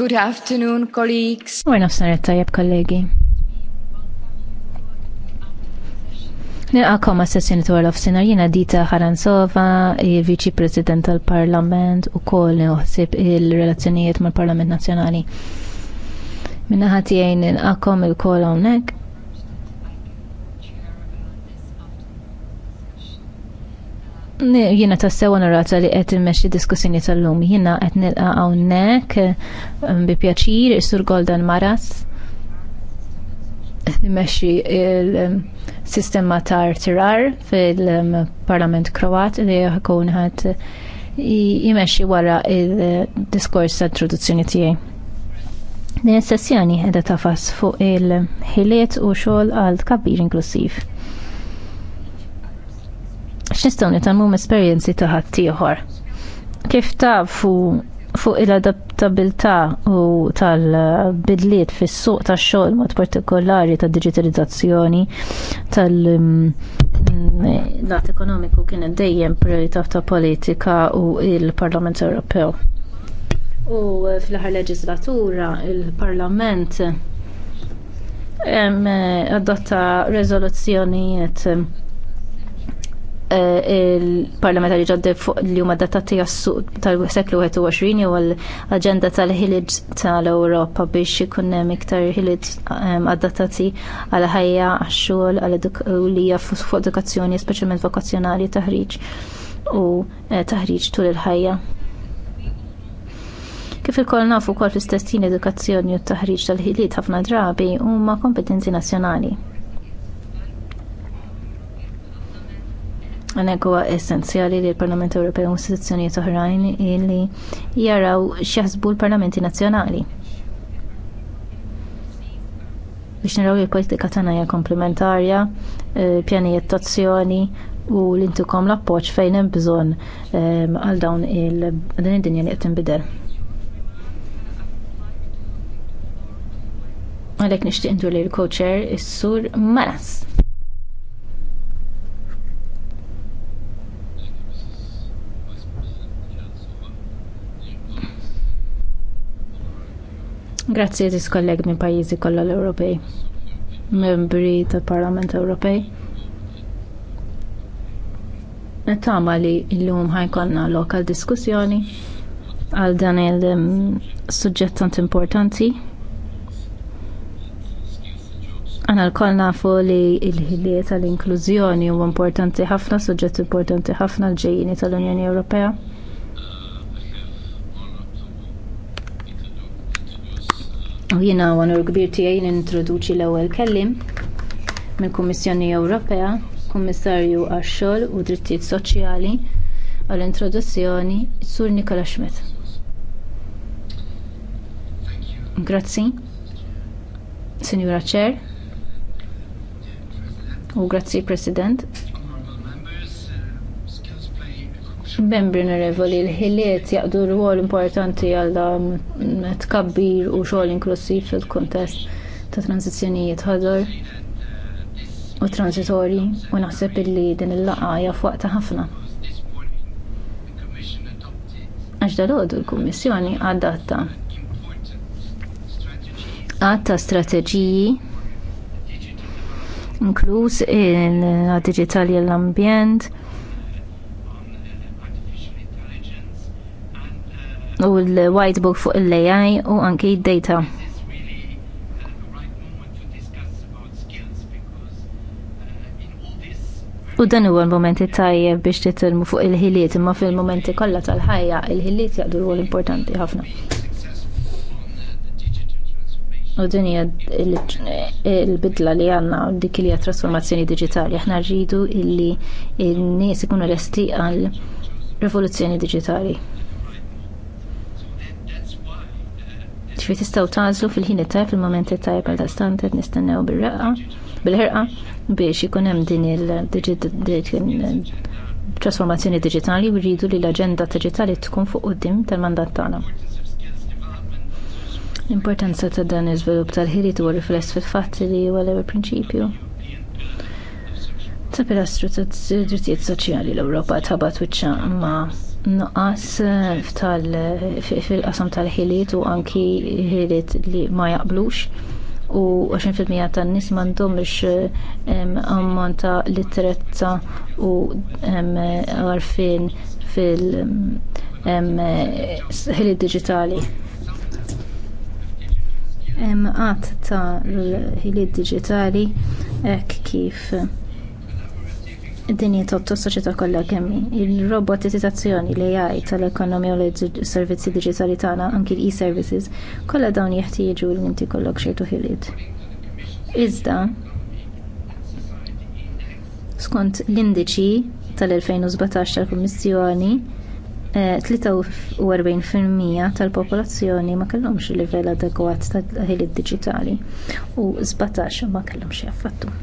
Good afternoon, colleagues. Għu nafsan tajjeb kollegi. Nilqakom għas-sessjoni twar l-ofsinar jina Dita Haransova, viċi President tal-Parlament u koll uħsib il-relazzjonijiet mal-Parlament Nazzjonali. Minna ħatijajn nilqakom il-koll hawnhekk Jina tassew onorata li qed immexxi diskussjoni tal-lum. Jina qed nilqa' hawnhekk um, bi pjaċir is-Sur Golden Maras immexxi il-sistema tar tirar fil-Parlament Kroat li jkun għat jimexxi wara il-diskors ta' introduzzjoni tiegħi. Din is-sessjoni qiegħda tafas fuq il-ħiliet u xogħol għal kabir inklusiv x'nistgħu nitalmu esperjenzi ta' ħaddieħor. Kif tafu fuq il-adattabilità u tal-bidliet fis-suq tax-xogħol mod partikolari tad-diġitalizzazzjoni tal- mm, mm, lat ekonomiku kienet dejjem priorità ta' politika u l parlament Ewropew. U fl-aħħar leġislatura il-Parlament adotta rezoluzzjonijiet Eh, il-parlamentari ġoddi fuq li huma datati għas-suq tal-seklu 21 jew l-aġenda tal-ħiliġ tal-Ewropa biex ikun hemm iktar ħiliġ adattati għal ħajja għax-xogħol għal li fuq edukazzjoni speċjalment vokazzjonali taħriġ u eh, taħriġ tul il-ħajja. Kif ikoll nafu kol fl-istessin edukazzjoni u taħriġ tal-ħiliet ħafna drabi huma kompetenzi nazzjonali Għanek huwa essenzjali li l-Parlament Ewropew u istituzzjonijiet oħrajn li jaraw x'jaħsbu l-Parlamenti Nazzjonali. Biex naraw il politika tagħna hija komplementarja, eh, pjanijiet tazzjoni u li intukom l-appoġġ fejn hemm bżonn eh, għal dawn il-din id-dinja li qed tinbidel. għalek nixtieq ndur li l-coacher is-sur Maras. Grazzi għaziz kolleg minn pajizi kollha l-Ewropej, membri tal-Parlament Ewropej. Nittama li l-lum ħajkonna lokal diskussjoni għal dan il-sujġett tant importanti Għana l-koll nafu li il-ħiliet tal-inklużjoni u importanti ħafna, suġġett importanti ħafna l-ġejjini tal-Unjoni Ewropea. U jiena għanur kbir tiegħi nintroduċi l-ewwel kellim mill-Kummissjoni Ewropea, Kummissarju għax-xogħol u Drittijiet Soċjali għall-introduzzjoni Sur Nikola Schmidt. Grazzi, Signora Chair, u grazzi President. Membri onorevoli, l-ħiliet jaqdu rwol importanti għal tkabbir u xogħol inklusiv fil-kontest ta' tranzizzjonijiet ħadar u transitorji u naħseb illi din il-laqgħa hija fwaqta ħafna. Għax dalodu l-Kummissjoni għadatta għadta strateġiji inkluż il-digitali l-ambjent u l-white book fuq l-AI u anki d-data. U dan huwa l-momenti tajjeb biex titilmu fuq il-ħiliet, imma fil-momenti kollha tal-ħajja il-ħiliet jaqdu rwol importanti ħafna. U din hija l-bidla li għandna dik li hija trasformazzjoni diġitali. Aħna rridu illi n-nies ikunu lesti għal rivoluzzjoni diġitali. ċfi tistaw tazlu fil-ħin tajb fil-momenti tajb għal dastantet nistennew bil-reqqa bil ħirqa biex ikun hemm din il-trasformazzjoni digitali u rridu li l agenda digitali tkun fuq quddiem tal-mandat tagħna. L-importanza ta' dan iż-żvilupp tal-ħiliet u rifless fil fatti li huwa l-ewwel prinċipju ta' pilastru ta' drittijiet soċjali l-Ewropa tabat wiċċa ma' nuqqas eh, fil-qasam tal-ħiliet u anki ħiliet li ma jaqblux u 20% tan-nies m'għandhomx eh, ammont ta' litterezza u għarfien fil-ħiliet digitali. Hemm qatt ta' ħiliet diġitali hekk kif id-dinja tot soċjetà kollha kemm il-robotizzazzjoni l AI tal-ekonomija u l-servizzi diġitali tagħna anki l-e-services kollha dawn jeħtieġu li inti kollok xejtu ħiliet. Iżda skont l-indiċi tal-2017 tal-Kummissjoni 43% eh, tal-popolazzjoni ma kellhomx livell adekwat ta' ħiliet diġitali u 17 ma kellhomx jaffattu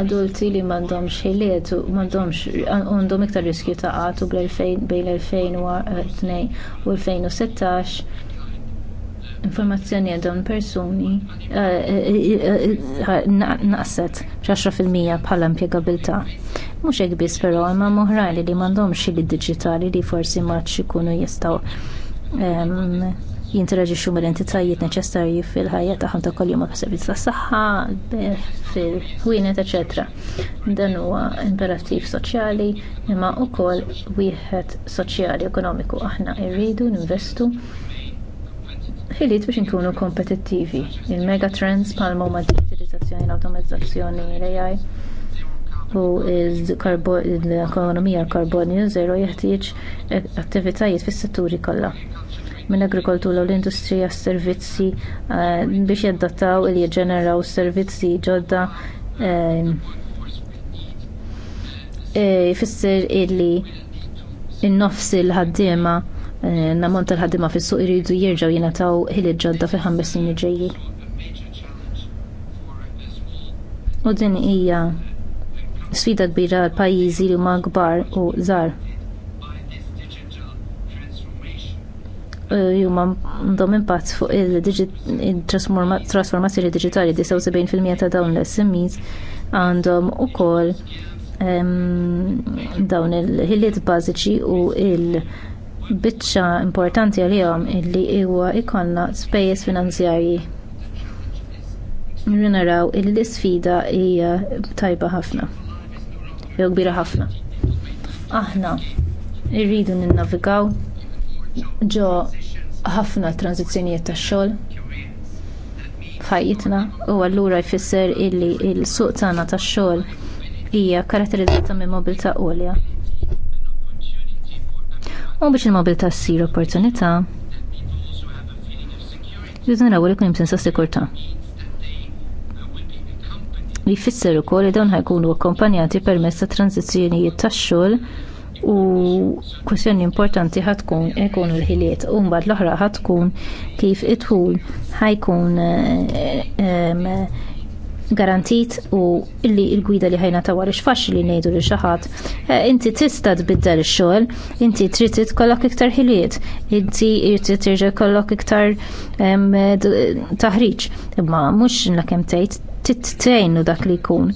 adulti li m'għandhomx ħiliet u m'għandhomx għandhom iktar riskju ta' għatu bejn l-2002 u 2016 informazzjoni għadhom persuni eh, eh, eh, naqset fil-mija bħala impjegabilta. Mhux hekk biss però imma li m'għandhomx xili diġitali li forsi maċ ikunu jistgħu ehm, jinteraġixxu mill-entitajiet neċessarji fil-ħajja taħħom ta' kuljum ma' servizz tas-saħħa, fil-ħwienet, eċetera. Dan huwa imperattiv soċjali imma wkoll wieħed soċjali ekonomiku aħna rridu ninvestu ħiliet biex inkunu kompetittivi. Il-megatrends pal ma' digitalizzazzjoni, l-automatizzazzjoni, l-AI u l-ekonomija l-karbonju zero jeħtieġ attivitajiet fis-setturi kollha mill-agrikoltura u l-industrija s-servizzi eh, biex jaddattaw il jiġġeneraw servizzi ġodda ehm, eh, jfisser illi in-nofs l ħaddiema eh, namont tal-ħaddiema fis-suq iridu jerġgħu jingħataw ħili ġodda fil-ħames snin ġejji. U din hija sfida kbira għal pajjiżi li huma kbar u żgħar juma eh, għandhom impatt fuq il-trasformazzjoni digitali 70% ta' dawn l-SMEs għandhom ukoll ehm, dawn il-ħiliet bażiċi u il- biċċa importanti għalihom illi huwa ikollna spejjeż finanzjarji. Naraw il l hija tajba ħafna. Jew kbira ħafna. Aħna irridu ninnavigaw ġo ħafna tranzizzjonijiet tax-xogħol f'ħajjitna u allura jfisser illi s suq tagħna tax-xogħol hija karatterizzata minn mobilità għolja. U biex il-mobilità ssir opportunità, jridu naraw li kun hemm sensa sikurtà. Li jfisser ukoll li dawn ħajkunu akkompanjati permezz ta' tranzizzjonijiet tax-xogħol u kwestjoni importanti ħatkun ikun l-ħiliet u mbagħad l-oħra ħatkun kif idħul ħajkun eh, garantit u illi il-gwida li ħajna tawar faċli li ngħidu li xaħat. Eh, inti tista tbiddel ix-xogħol, inti trid tkollok iktar ħiliet, inti trid terġa' kollok iktar taħriġ, imma mhux nakemm tgħid tittejnu dak li jkun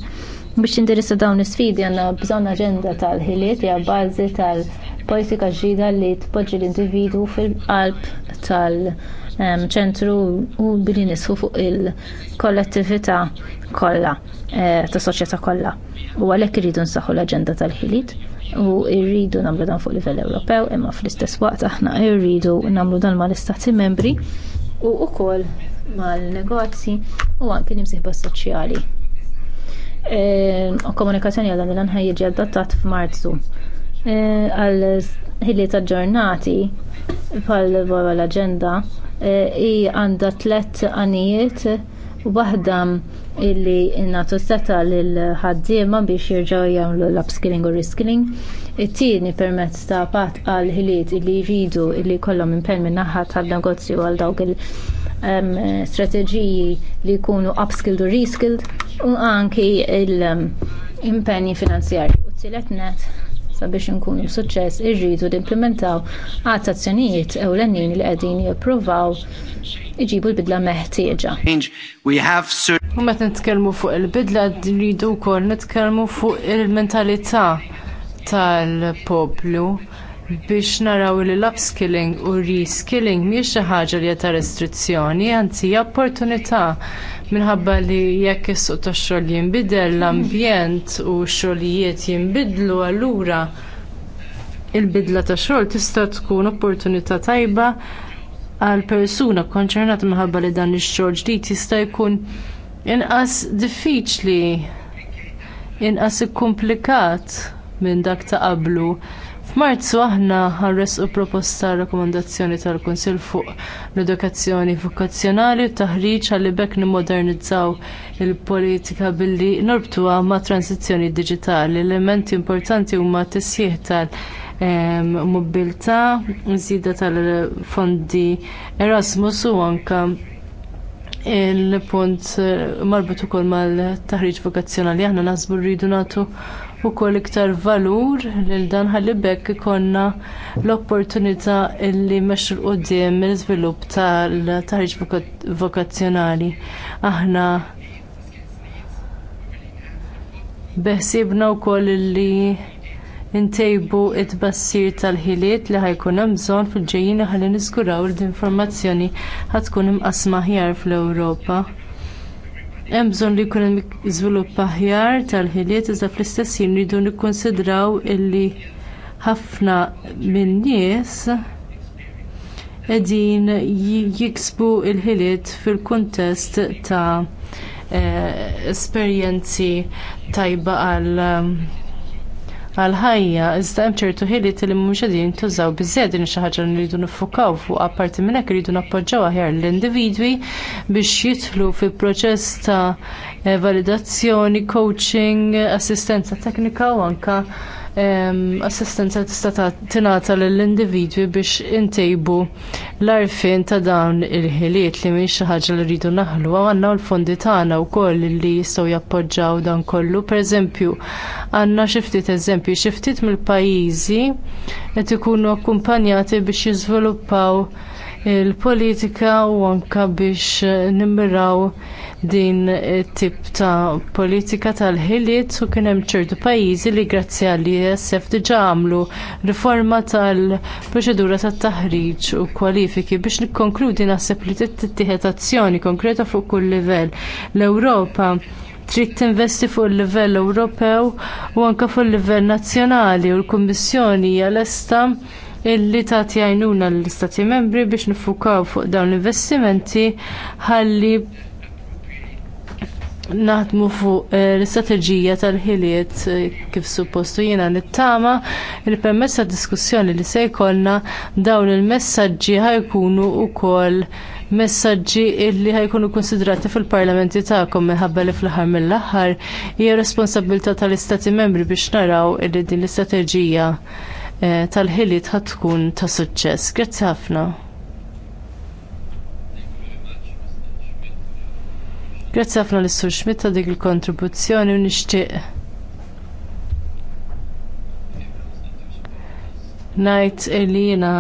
Biex tindirissa dawn is-sfidi għandna bżonn aġenda tal-ħiliet hija bażi tal-politika ġdida li tpoġġi l-individwu fil-qalb tal-ċentru u billi nisħu fuq il-kollettività kollha eh, tas soċjetà kollha. U għalhekk irridu nsaħħu l-aġenda tal-ħiliet u rridu nagħmlu dan fuq livell Ewropew imma fl-istess waqt aħna rridu nagħmlu dan mal-istati membri u wkoll mal-negozji u anke nimsieħba imsieħba soċjali. Eh, komunikazzjoni għal dan il-anħaj jiġi adattat f'Marzu. Eh, għal ħilli ta' ġurnati pal vora l-agenda eh, i għandha tlet għanijiet waħda illi nagħtu seta l ħaddiema biex jirġgħu jagħmlu l-upskilling u reskilling. It-tieni permezz ta' pat għal ħiliet illi jridu illi jkollhom impenn minn naħa tan-negozju għal dawk il- strateġiji li jkunu upskilled u reskilled u anki l-impenji finanzjarji u t-tielet net sabiex inkunu suċċess irridu dimplementaw għad azzjonijiet ewlenin li qegħdin jippruvaw iġibu l-bidla meħtieġa. U meta nitkellmu fuq il-bidla rridu wkoll nitkellmu fuq il-mentalità tal-poplu biex naraw li l-upskilling u reskilling mhijiex xi ħaġa li ta' restrizzjoni, anzi hija opportunità minħabba li jekk is-suq tax-xogħol jinbidel, l-ambjent u x-xogħlijiet jinbidlu allura il-bidla tax xogħol tista' tkun opportunità tajba għal persuna konċernata minħabba li dan ix-xogħol ġdid jista' jkun inqas diffiċli, inqas ikkumplikat minn dak ta' qablu. F'Marzu aħna ħarres u proposta rakkomandazzjoni tal-Kunsill fuq l-edukazzjoni vokazzjonali u taħriġ għalli bekk nimmodernizzaw il-politika billi norbtuha ma' transizzjoni diġitali. Elementi importanti huma tisjieħ tal- mobilità, żida tal-fondi Erasmus u anka il-punt marbut ukoll mal-taħriġ vokazzjonali aħna naħsbu rridu nagħtu ukoll iktar valur lil dan ħallibek ikonna l-opportunità illi meċu l-qoddim l-izvilup tal-taħriġ vokazzjonali. Aħna beħsibna wkoll illi ntejbu t bassir tal-ħiliet li ħajkun hemm bżonn fil ġejjina ħalli niskuraw l-informazzjoni ħatkun imqasma ħjar fl-Ewropa. Hemm bżonn li jkun hemm iżvilupp aħjar tal-ħiliet iżda fl-istess jien rridu nikkonsidraw illi ħafna min-nies qegħdin jiksbu l-ħiliet fil-kuntest ta' eh, esperjenzi tajba għal għal ħajja iżda hemm ċertu ħiliet li mhumiex qegħdin jintużaw biżżejjed din xi ħaġa li rridu niffukaw fuq apparti minn hekk iridu nappoġġaw aħjar l-individwi biex jidħlu fi proċess ta' validazzjoni, coaching, assistenza teknika u anke assistenza tista' tingħata lill-individwi biex intejbu l-arfin ta' dawn il-ħiliet li minn xi ħaġa li rridu naħlu għandna l-fondi tagħna wkoll li jistgħu jappoġġaw dan kollu. Pereżempju, għandna xi ftit eżempju, xi ftit mill-pajjiżi qed ikunu akkumpanjati biex jiżviluppaw il-politika u anke biex nimmiraw din tip ta' politika tal-ħiliet u kien hemm ċertu pajjiżi li grazzi għal ISF diġa' għamlu riforma tal-proċedura tat-taħriġ u kwalifiki biex nikkonkludi naħseb li tittieħed azzjoni konkreta fuq kull livell. L-Ewropa trid tinvesti fuq il-livell Ewropew u anke fuq il-livell nazzjonali u l-Kummissjoni hija lesta illi tagħti għajnuna l-Istati membri biex nifukaw fuq dawn l-investimenti ħalli naħdmu fuq eh, l-istrateġija tal-ħiliet eh, kif suppostu jiena nittama li permezz tad diskussjoni li se jkollna dawn il-messaġġi ħajkunu wkoll messaġġi illi ħajkunu konsidrati fil-parlamenti tagħkom minħabba li fl-aħħar mill-aħħar hija responsabilità tal-istati membri biex naraw illi din l-istrateġija Eh, tal-ħiliet ħad tkun ta' suċċess. Grazzi ħafna. Grazzi ħafna l-Sur Schmidt ta' dik il-kontribuzzjoni u nixtieq. Ngħid Elina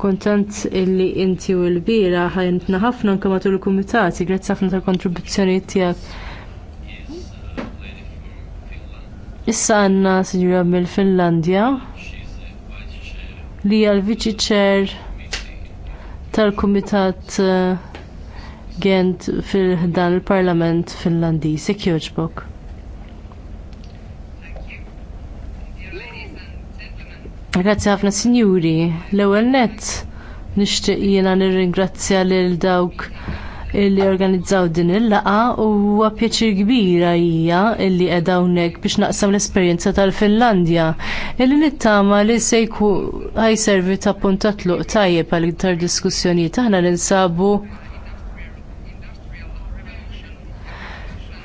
kuntent illi inti u l-bira ħajntna ħafna anke matul il-kumitati, grazzi ħafna tal-kontribuzzjoni tiegħek. Issa għandna sinjura mill-Finlandja li hija l-Viċi Ċer tal-Kumitat eh, Gent fil il-Parlament Finlandiż. Jekk jogħġbok. Grazzi ħafna sinjuri. L-ewwel nett nixtieq jiena nirringrazzja lil dawk li organizzaw din il-laqa u huwa pjaċir kbira hija li qiegħda hawnhekk biex naqsam l-esperjenza tal-Finlandja. Illi nittama li sejku għaj servi ta' punta tluq tajjeb għal iktar diskussjonijiet aħna ninsabu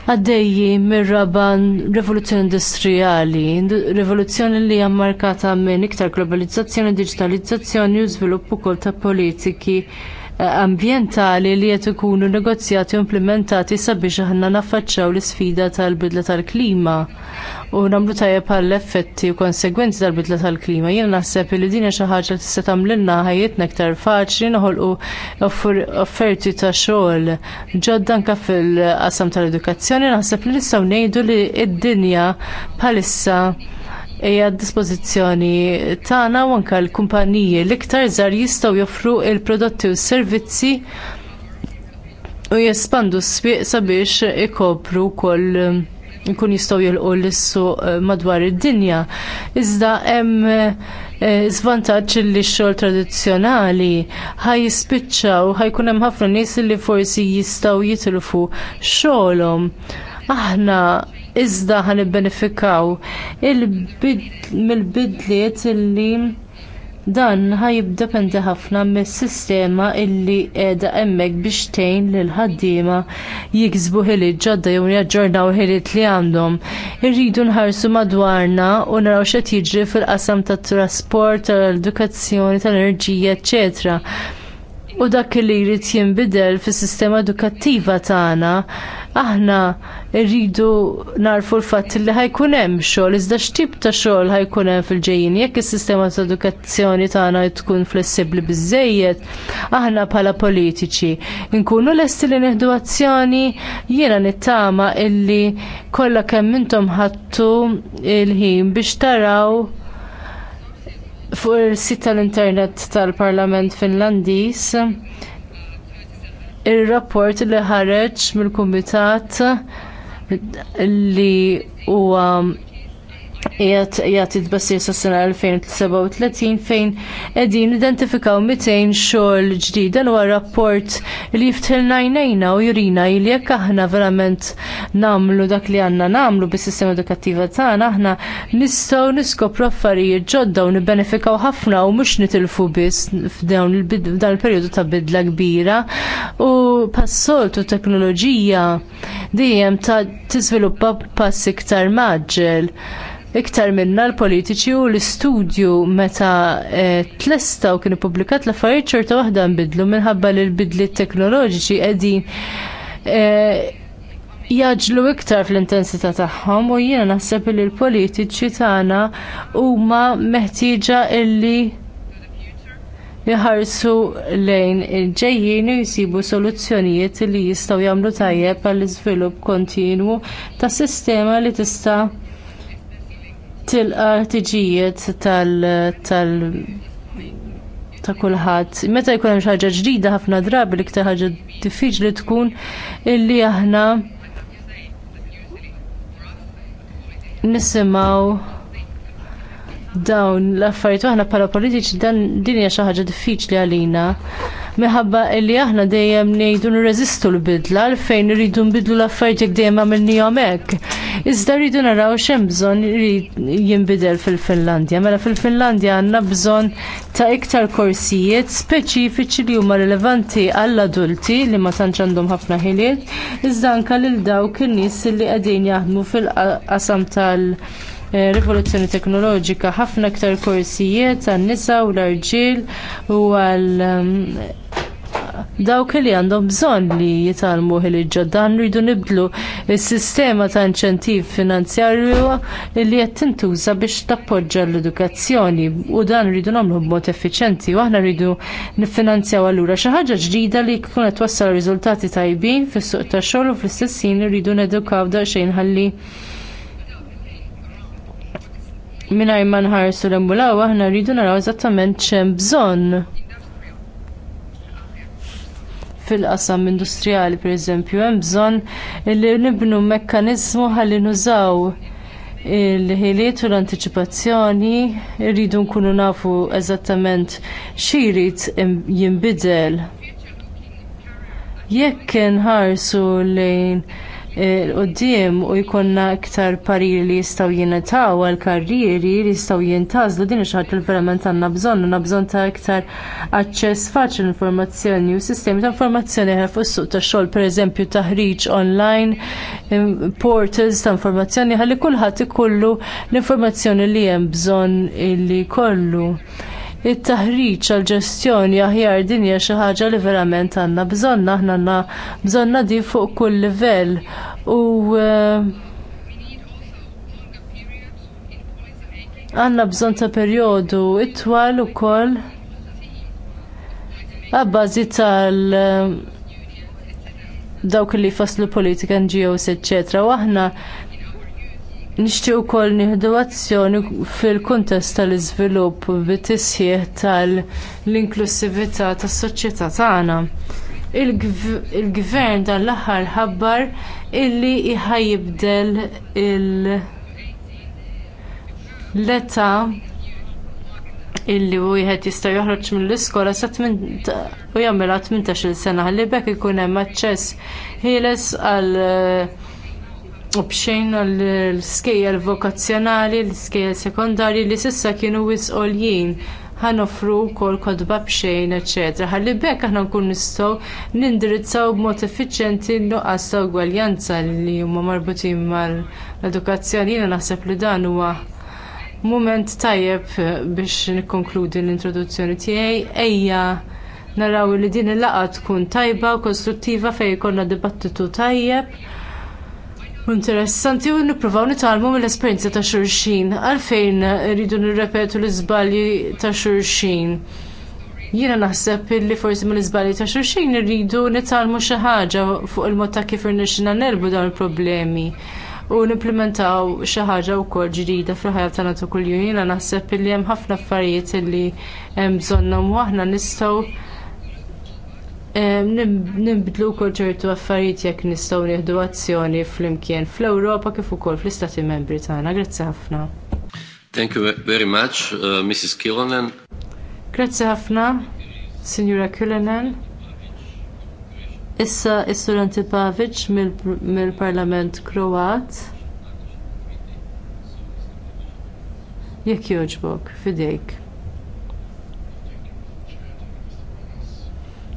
għaddejji mir-raban rivoluzzjoni industrijali, rivoluzzjoni li hija mmarkata minn iktar globalizzazzjoni, digitalizzazzjoni u żvilupp kol ta' politiki ambjentali li qed ikunu negozjati u implementati sabiex aħna naffaċċaw l-isfida tal-bidla tal-klima u nagħmlu tajjeb għall effetti u konsegwenzi tal-bidla tal-klima. Jien naħseb li din xi ħaġa li tista' tagħmlilna ħajjitna aktar faċli noħolqu offerti ta' xogħol ġodda anke fil-qasam tal-edukazzjoni naħseb li nistgħu ngħidu li d-dinja bħalissa hija d-dispożizzjoni tagħna u anke l-kumpaniji l-iktar żgħar jistgħu joffru l prodotti u s-servizzi u jespandu s-swieq sabiex ikopru wkoll ikun jistgħu jilqu l-suq eh, madwar id-dinja. Iżda hemm eh, Zvantaġġ li x-xogħol tradizzjonali ħaj jispiċċaw ħajkun hemm ħafna nies li forsi jistgħu jitilfu xogħolhom. Aħna iżda ħan benefikaw mill-bidliet illi dan ħajibdependi ħafna mis-sistema illi qiegħda hemmhekk biex tgħin lil ħaddiema jiksbu ħiliet ġodda jew jaġġornaw ħiliet li għandhom. Irridu nħarsu madwarna u naraw x'qed jiġri fil-qasam tat-trasport, tal-edukazzjoni, tal-enerġija, eċċetera u dak li jrid jinbidel fis-sistema edukattiva tagħna aħna rridu narfu l-fatt li ħajkun hemm xogħol iżda x'tip ta' xogħol ħajkun hemm fil-ġejjin jekk is-sistema ta' edukazzjoni tagħna tkun flessibbli biżżejjed aħna bħala politiċi nkunu lesti li neħdu azzjoni jiena nittama illi kollha kemm intom ħadtu il-ħin biex taraw fuq il-sit tal-internet tal-Parlament Finlandiż ir-rapport li ħareġ mill-Kumitat li huwa jgħat jgħat id-bassir sas-sena 2037 fejn edin identifikaw 200 xogħol ġdida l rapport li jiftħilna jnejna u jurina li jekk aħna verament namlu dak li għanna namlu bis-sistema edukattiva tagħna aħna nistgħu niskopru affarijiet ġodda u nibbenefikaw ħafna u mhux nitilfu biss f'dawn il-perjodu ta' bidla kbira u passoltu teknoloġija dejjem ta' tiżviluppa pass iktar maġġel iktar minna l-politiċi u l-istudju meta eh, tlesta u kien publikat l-affarijiet ċerta waħda nbidlu minħabba li l bidli teknoloġiċi qegħdin eh, jaġlu iktar fl-intensità tagħhom u jiena naħseb li l-politiċi tagħna huma meħtieġa illi jħarsu lejn ġejjin u jsibu soluzzjonijiet li jistgħu jagħmlu tajjeb għall-iżvilupp kontinwu ta' sistema li tista' tilqa ħtiġijiet tal ta' kulħadd. Meta jkun hemm xi ħaġa ġdida ħafna drabi l-iktar ħaġa diffiċli tkun illi aħna nisimgħu dawn l-affarijiet aħna bħala politiċi dan din hija xi ħaġa diffiċli għalina. Minħabba li aħna dejjem ngħidu nirreżistu l-bidla għalfejn irridu nbidlu l-affarijiet jekk dejjem għamilnihom hekk. Iżda rridu naraw x'hemm bżonn jinbidel fil-Finlandja. Mela fil-Finlandja għandna bżonn ta' iktar korsijiet speċifiċi li huma rilevanti għall-adulti li ma tantx għandhom ħafna ħiliet, iżda anke lil dawk in-nies li qegħdin jaħdmu fil-qasam tal- Eh, rivoluzzjoni teknoloġika, ħafna aktar korsijiet għan-nisa u l-arġiel u għal ehm, dawk li għandhom bżonn li jitalmu ħiliġġa dan rridu nibdlu s sistema ta' inċentiv finanzjarju li qed tintuża biex tappoġġa l-edukazzjoni u dan rridu nagħmlu b'mod effiċjenti u aħna rridu niffinanzjaw allura xi ħaġa ġdida li tkun qed wassal riżultati tajbin fis-suq tax-xogħol u fl-istess rridu nedukaw xejn ħalli minnaj manħarsu l-embulaw, aħna rridu naraw eżattament ċem bżonn fil-qasam industrijali pereżempju hemm bżonn li nibnu mekkaniżmu ħalli nużaw il-ħiliet u l-antiċipazzjoni rridu nkunu nafu eżattament xirit jinbidel. Jekk ħarsu lejn l-qoddim u jkollna iktar parir li jistgħu jinetaw għal karrieri li jistgħu jintazlu din xaħat li verament għandna bżonn, għanna bżonn ta' iktar aċċess faċli l-informazzjoni u sistemi ta' informazzjoni ħar fuq suq tax xogħol pereżempju taħriġ online, portals ta' informazzjoni ħalli kulħadd ikollu l-informazzjoni li hemm bżonn li jkollu it-taħriġ għal ġestjoni aħjar din hija xi ħaġa li verament għandna bżonn aħna għandna bżonna di fuq kull livell u eh, għandna bżonn ta' perjodu itwal ukoll għabbażi tal eh, dawk li faslu politika NGOs, eccetera. U aħna Nixtieq ukoll nieħdu azzjoni fil-kuntest tal-iżvilupp bit-tisħieħ tal-inklusività tas-soċjetà tagħna. Il-gvern dan l-aħħar ħabbar illi ħajibdel l-età illi wieħed jista' joħroġ mill-iskola sa u jagħmilha 18-il sena ħalli bekk ikun hemm aċċess ħieles għal uh, u bxejn l-skejjel vokazzjonali, l-skejjel sekondarji li sissa kienu wisqoljien ħanofru wkoll kodba bxejn, ecc. Ħallibek bekk aħna nkun nistgħu nindirizzaw b'mod effiċjenti n-nuqqas ta' ugwaljanza li huma marbutin mal-edukazzjoni jiena naħseb li dan huwa mument tajjeb biex nikkonkludi l-introduzzjoni tiegħi ejja naraw li din il laqgħa tkun tajba u konstruttiva fejn ikollna dibattitu tajjeb interessanti u nippruvaw nitalmu mill-esperjenza ta' xulxin għalfejn rridu nirrepetu l-iżbalji ta' xulxin. Jiena naħseb li forsi mill-iżbalji ta' xulxin rridu nitalmu xi ħaġa fuq il-mod ta' kif irnexxina nerbu dawn il-problemi u nimplementaw xi ħaġa wkoll ġdida fil-ħajja tagħna ta' kuljum. Jiena naħseb li hemm ħafna affarijiet li hemm bżonnhom u aħna nistgħu Nimbidlu kol ċertu affarijiet jekk nistgħu nieħdu azzjoni flimkien fl-Ewropa kif ukoll fl-Istati Membri tagħna. Grazzi ħafna. Thank you very much, uh, Mrs. Kilonen. Grazzi ħafna, Signora Kilonen. Issa is-Sur Antipavic mill-Parlament Kroat. Jekk jogħġbok, fidejk.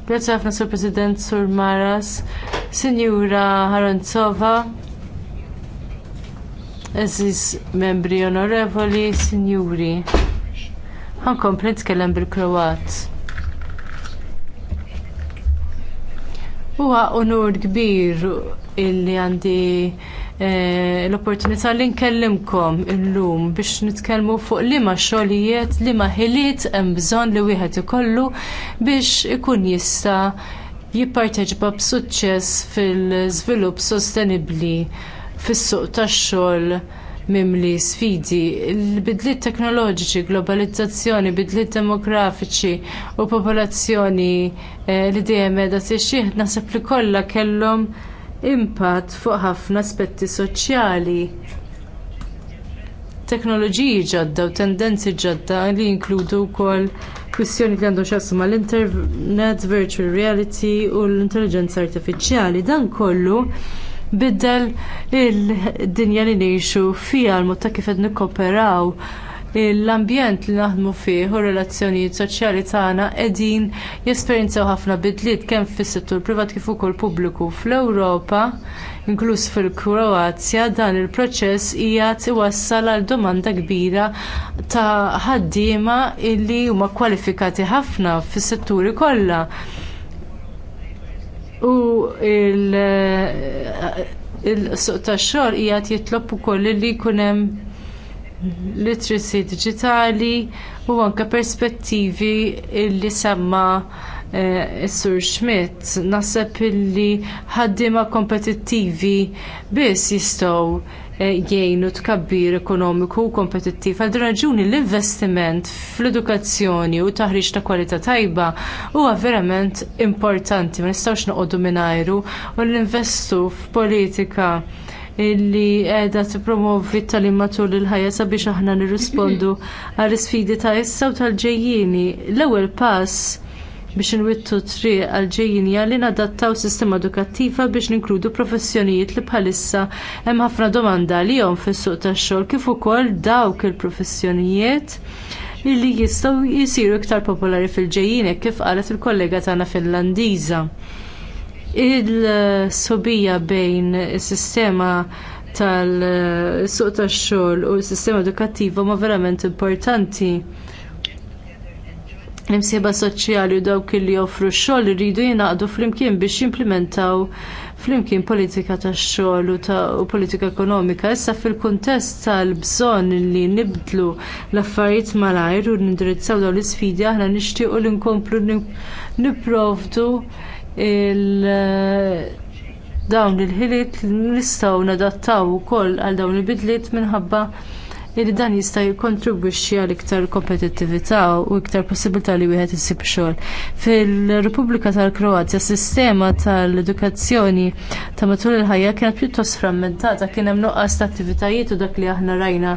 Grazie ħafna Sur President Sur Maras, Sinjura Haronzova, Eżis membri onorevoli, Sinjuri. Għankompli nitkellem bil-Kroat. Huwa onur kbir illi għandi Eh, l-opportunità li nkellimkom illum biex nitkellmu fuq liema xogħlijiet, liema ħiliet hemm bżonn li wieħed ikollu biex ikun jista' jipparteċipa b'suċċess fil-żvilupp sostenibbli fis-suq tax-xogħol mimli sfidi, l-bidliet teknoloġiċi, globalizzazzjoni, bidliet demografiċi u popolazzjoni eh, li dejjem qiegħda tixjih naħseb li kollha kellhom impatt fuq ħafna aspetti soċjali. Teknoloġiji ġodda u tendenzi ġodda li jinkludu wkoll kwistjoni li għandhom xassu mal internet virtual reality u l-intelligenza artifiċjali dan kollu biddel il-dinja li ngħixu fiha l-mod ta' kif qed nikkoperaw l-ambjent li naħdmu fih u r relazzjonijiet soċjali tagħna qegħdin jesperjenzaw ħafna bidliet kemm fis-settur privat kif ukoll pubbliku fl-Ewropa inkluż fil-Kroazja dan il-proċess qiegħed iwassal għal domanda kbira ta' ħaddiema li huma kwalifikati ħafna fis-setturi kollha. U il-suq il suq tax xogħol qiegħed jitlob ukoll li jkun hemm literacy digitali u anke perspettivi illi semma s eh, Sur Schmidt naħseb illi ħaddiema kompetittivi biss jistgħu eh, jgħinu tkabbir ekonomiku u kompetittiv. Għal raġuni l-investiment fl-edukazzjoni u taħriġ ta' kwalità tajba huwa verament importanti, ma nistgħux noqogħdu mingħajru u l-investu f'politika illi qiegħda tippromovi tal-im matul il-ħajja sabiex aħna nirrispondu għall-isfidi ta' issa u tal-ġejjini. L-ewwel pass biex inwittu triq għal ġejjini li nadattaw sistema edukattiva biex ninkludu professjonijiet li bħalissa hemm ħafna domanda li jom fis-suq tax-xogħol kif ukoll dawk il-professjonijiet li jistgħu jisiru iktar popolari fil-ġejjini kif qalet il-kollega tagħna Finlandiża il-sobija bejn is-sistema tal-suq tax-xogħol u s-sistema edukattiva ma verament importanti. Imsieba soċjali u dawk li joffru xogħol iridu jingħaqdu flimkien biex jimplementaw flimkien politika tax-xogħol u ta' u politika ekonomika. Issa fil-kuntest tal-bżonn li nibdlu l-affarijiet malajr u nindirizzaw dawn l-isfidi aħna nixtiequ li nkomplu nipprovdu il- dawn il-ħiliet nistgħu nadattaw ukoll għal dawn il-bidliet minħabba li dan jista' jikkontribwixxi għal iktar kompetittività u iktar possibilità li wieħed isib xogħol. Fil-Repubblika tal-Kroazja sistema tal-edukazzjoni ta' matul il-ħajja kienet pjuttost frammentata, kien hemm nuqqas ta' attivitajiet u dak li aħna rajna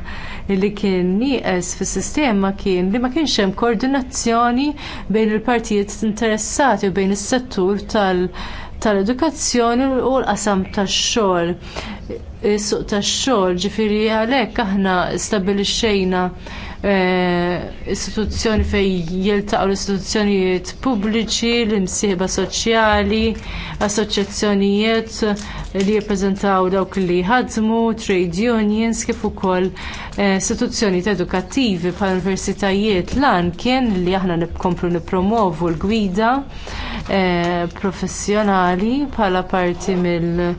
li kien nieqes fis-sistema kien li ma kienx hemm koordinazzjoni bejn il-partijiet interessati u bejn is-settur tal- tal-edukazzjoni u l-qasam tax-xogħol. Is-suq tax-xogħol ġifieri għalhekk aħna stabbilixxejna Eh, istituzzjoni fejn jiltaqgħu l-istituzzjonijiet pubbliċi, l-imsieħba soċjali, assoċjazzjonijiet li jippreżentaw dawk li jħadmu, trade unions kif ukoll eh, istituzzjonijiet edukattivi bħal universitajiet lan kien li aħna nipkomplu nippromovu l-gwida eh, professjonali bħala parti mill-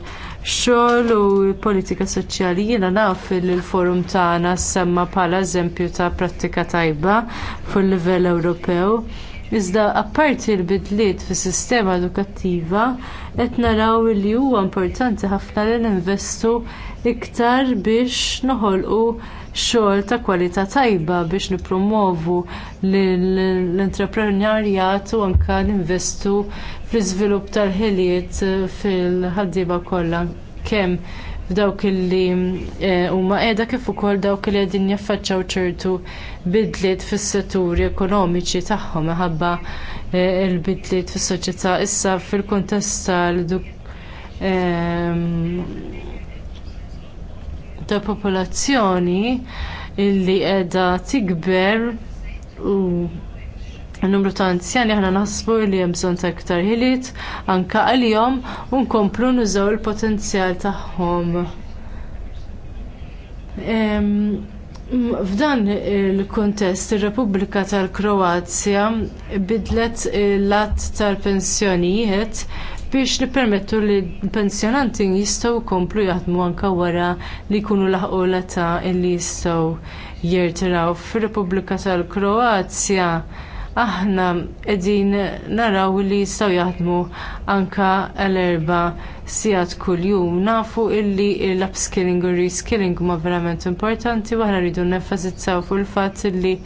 xogħol u politika soċjali jiena naf il-forum tagħna semma bħala eżempju ta' prattika tajba fuq livell Ewropew. Iżda apparti l-bidliet fis sistema edukattiva qed naraw li huwa importanti ħafna li ninvestu iktar biex noħolqu xogħol ta' kwalità tajba biex nippromovu l-entreprenarjat u anke ninvestu fl-iżvilupp tal-ħiliet eh, fil ħaddieba kollha kemm f'dawk li eh, huma qiegħda kif ukoll dawk li qegħdin jaffaċċaw ċertu bidliet fis-setturi ekonomiċi tagħhom minħabba eh, l bidliet fis-soċjetà issa fil-kuntest tal ta' popolazzjoni illi qiegħda tikber u n-numru ta' anzjani aħna naħsbu li hemm bżonn ta' iktar ħiliet anke għalihom u nkomplu nużaw il-potenzjal tagħhom. F'dan il-kontest ir-Repubblika tal-Kroazja bidlet l-att tal-pensjonijiet biex nippermettu li pensjonanti jistgħu jkomplu jaħdmu anke wara li jkunu laħqu l-età li jistgħu jirtiraw. Fir-Repubblika tal-Kroazja aħna qegħdin naraw li jistgħu jaħdmu anke l-erba sigħat kuljum. Nafu illi l-upskilling u reskilling huma verament importanti u aħna rridu nefasizzaw fuq il-fatt li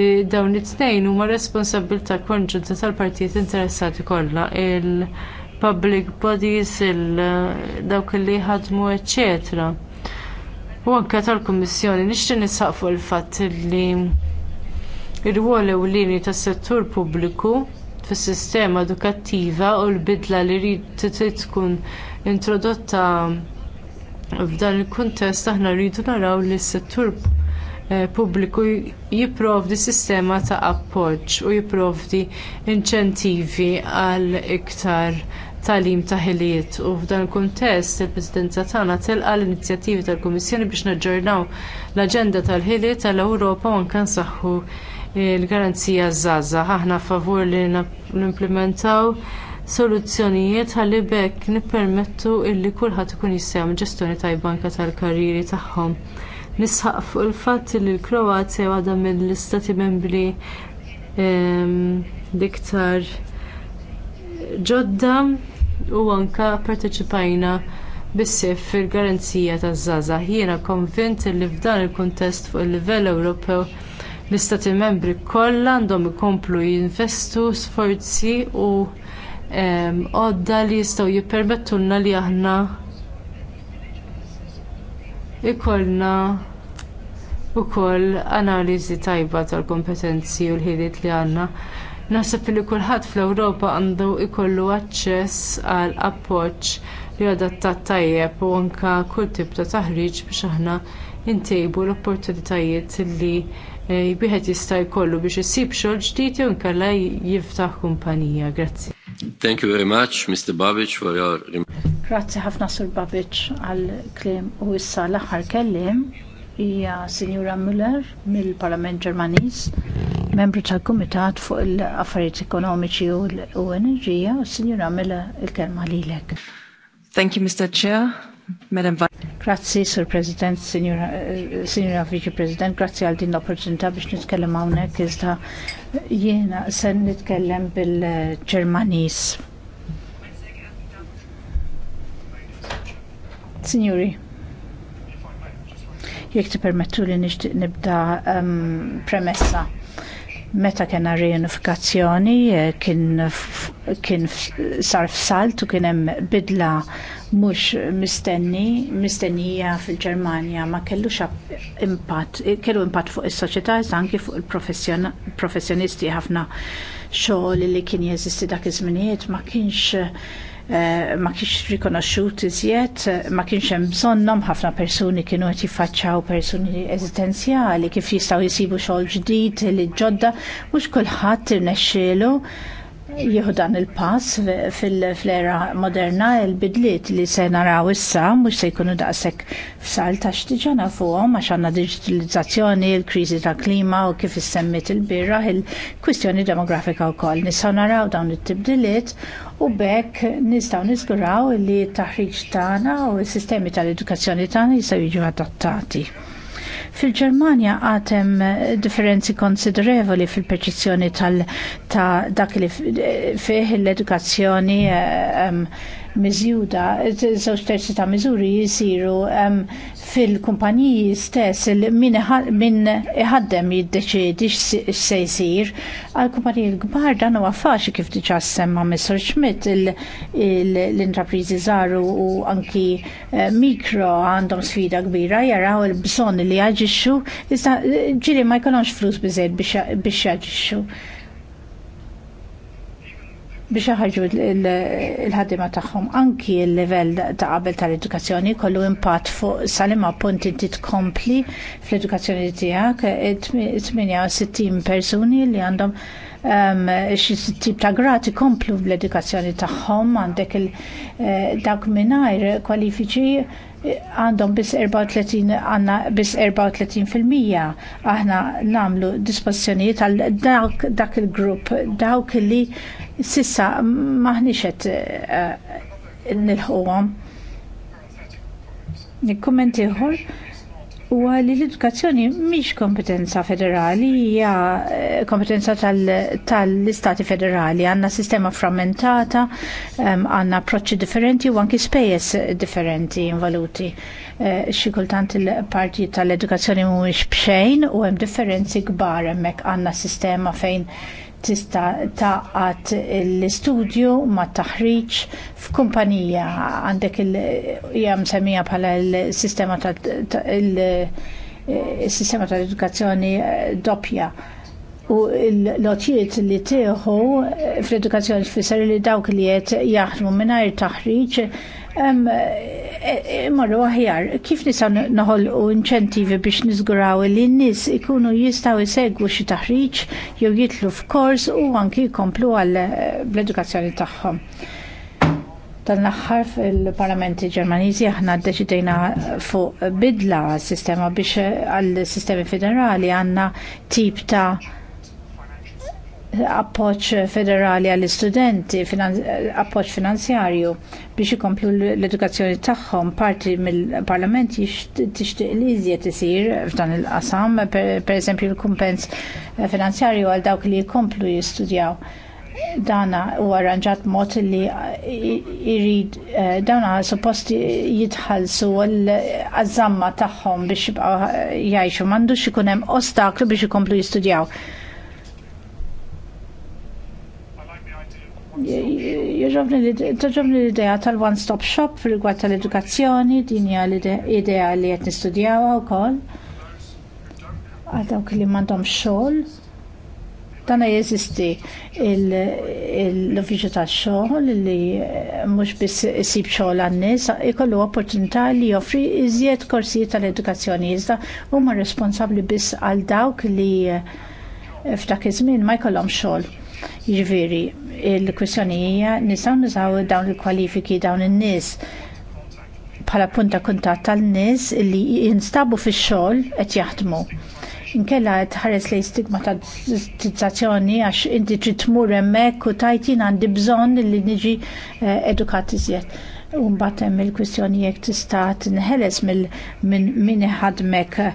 E, dawn it-tnejn huma responsabilità konġunta tal-partijiet interessati kollha il-public bodies, il-dawk li ħadmu, eċċetera. U anke tal-Kummissjoni nixtieq nisaq fuq il-fatt li ir-rwol ewlieni tas-settur pubbliku fis-sistema edukattiva u l-bidla li rrid tkun introdotta f'dan il-kuntest aħna rridu naraw li s-settur Eh, pubbliku jipprovdi sistema ta' appoġġ u jipprovdi inċentivi għal iktar tagħlim ta' ħiliet u f'dan il-kuntest il-Presidenza tagħna telqa l-inizjattivi tal-Kummissjoni biex naġġornaw l-aġenda tal-ħiliet tal-Ewropa u anke nsaħħu l-garanzija żgħażagħ aħna favur li nimplementaw soluzzjonijiet ħalli bekk nippermettu illi kulħadd ikun jissejjem ġestjoni tajba anke tal-karriri tagħhom nisħaq fuq il-fatt li l-Kroazja waħda mill-istati membri diktar ehm, ġodda u anke pparteċipajna bis fil-garanzija taż Zaza. Jiena konvint li f'dan il-kuntest fuq il-livell Ewropew l-istati membri kollha għandhom ikomplu jinvestu sforzi u ehm, għodda li jistgħu jippermettulna li aħna ikollna wkoll analiżi tajba tal-kompetenzi u l-ħiliet li għandna. Naħseb li kulħadd fl-Ewropa għandu jkollu aċċess għal appoġġ li adattat tajjeb u anke kull tip ta' taħriġ biex aħna ntejbu l-opportunitajiet li wieħed e, jista' jkollu biex isib xogħol ġdid jew inkella jiftaħ kumpanija. Grazzi. Thank you very much, Mr. Babic, for your Grazzi ħafna Sur Babic għal klim u issa l-aħħar kellim hija Signora Müller mill-Parlament Ġermaniż, membru tal-Kumitat fuq l-Affarijiet Ekonomiċi u l-Enerġija, Signora Müller il-kelma lilek. Thank you, Mr. Chair. Madam Grazzi, Sir President, Signora uh, Vice President, grazzi għal din l-opportunità biex nitkellem hawnhekk iżda jiena se nitkellem bil-Ġermanis. Signori, jekk permettu li nixtieq nibda um, premessa meta kena riunifikazzjoni eh, kien, kien sar f'salt u kien hemm bidla mhux mistenni, mistennija fil-Ġermanja ma kellux impatt, kellu impatt fuq is-soċjetà iżda anke fuq il-professjonisti ħafna xogħol li kien jeżisti dak iż-żminijiet ma kienx eh, ma kienx rikonoxxut iżjed, ma kienx hemm bżonnhom ħafna persuni kienu qed jiffaċċjaw persuni eżistenzjali kif jistgħu jisibu xogħol ġdid li ġodda mhux kulħadd irnexxielu jieħu dan il-pass fil-flera moderna il-bidliet li se naraw issa mhux se jkunu daqshekk f'sal ta' diġà nafuhom għax għandna digitalizzazzjoni, il-kriżi tal klima u kif issemmiet il-birra il-kwistjoni demografika wkoll. Nistgħu naraw dawn it-tibdiliet u bekk nistgħu niżguraw li t-taħriġ tagħna u s-sistemi tal-edukazzjoni tagħna jistgħu jiġu adattati. Fil-Ġermanja għatem eh, differenzi konsiderevoli fil-perċezzjoni tal ta' dak li eh, fih l-edukazzjoni um, miżjuda, żewġ terzi ta' miżuri jisiru fil-kumpaniji stess min iħaddem jiddeċiedi x'se jsir. Għal-kumpaniji l-kbar dan huwa faċli kif diġà semma Mr. Schmidt l-intrapriżi żaru u anki eh, mikro għandhom sfida kbira jaraw il-bżonn li jaġixxu, iżda ġiri ma jkollhomx flus biżejjed biex jaġixxu biex jaħarġu il-ħaddima tagħhom anki l-livell ta' qabel tal-edukazzjoni kollu impatt fuq salima punti inti tkompli fl-edukazzjoni tiegħek 68 persuni li għandhom xi tip ta' grati komplu bl-edukazzjoni tagħhom għandek il-dak eh, minajr kwalifiċi eh, għandhom biss 34 għanna biss 34% aħna namlu dispozzjonijiet għal dak, dak il-grupp dawk li sissa maħniex qed eh, nilħuhom. Nikkumment ieħor huwa li l-edukazzjoni mhix kompetenza federali, hija eh, kompetenza tal-istati tal federali, għandna sistema frammentata, għandna approċċi differenti u anki spejjeż differenti involuti. Eh, xi kultant il-parti tal-edukazzjoni mhuwiex bxejn u hemm differenzi kbar hemmhekk għandna sistema fejn tista taqat l-istudju ma taħriġ f'kumpanija għandek il-jam semija bħala l-sistema il-sistema tal-edukazzjoni eh, doppja u l lotjiet li tieħu fl-edukazzjoni fisser li dawk li qed jaħdmu mingħajr taħriġ Marru e, e, aħjar, kif nisaw u inċentivi biex nizguraw li n-nis ikunu jistaw jisegwu xi taħriġ jew jitlu f'kors u anki jkomplu għal e, bl-edukazzjoni tagħhom. Tal-naħħar fil-parlamenti ġermaniżi aħna ddeċidejna fuq bidla sistema biex għall sistemi federali għandna tip ta' appoċ federali għall-istudenti, appoċ finanzjarju biex ikomplu l-edukazzjoni tagħhom parti mill-parlament tixtieq li iżjed isir f'dan il-qasam, per eżempju l-kumpens finanzjarju għal dawk li jkomplu jistudjaw. Dana u arranġat mod li jrid dana suppost jitħallsu għal azzamma tagħhom biex jibqgħu jgħixu m'għandux ikun hemm ostaklu biex ikomplu jistudjaw Taġobni l-idea tal-one-stop shop fil-gwad tal-edukazzjoni, dinja l-idea li għet nistudjawa u koll. Għadawk li mandom xogħol, Tana jeżisti l-uffiċu tax-xogħol li mux bis sib għan għannis, ikollu opportunità li joffri iżjed korsijiet tal-edukazzjoni iżda u ma responsabli bis għal dawk li f'dak iż-żmien ma jkollhom xogħol Jiġifieri il-kwistjoni hija nistgħu nużaw dawn il-kwalifiki dawn in-nies bħala punta kuntatt tal-nies li jinstabu fix-xogħol qed jaħdmu inkella tħares li stigmatizzazzjoni għax inti trid tmur hemmhekk u tajt jien għandi bżonn li niġi eh, edukat iżjed batem il-kwistjoni jek tista' tinħeles minn ħadmek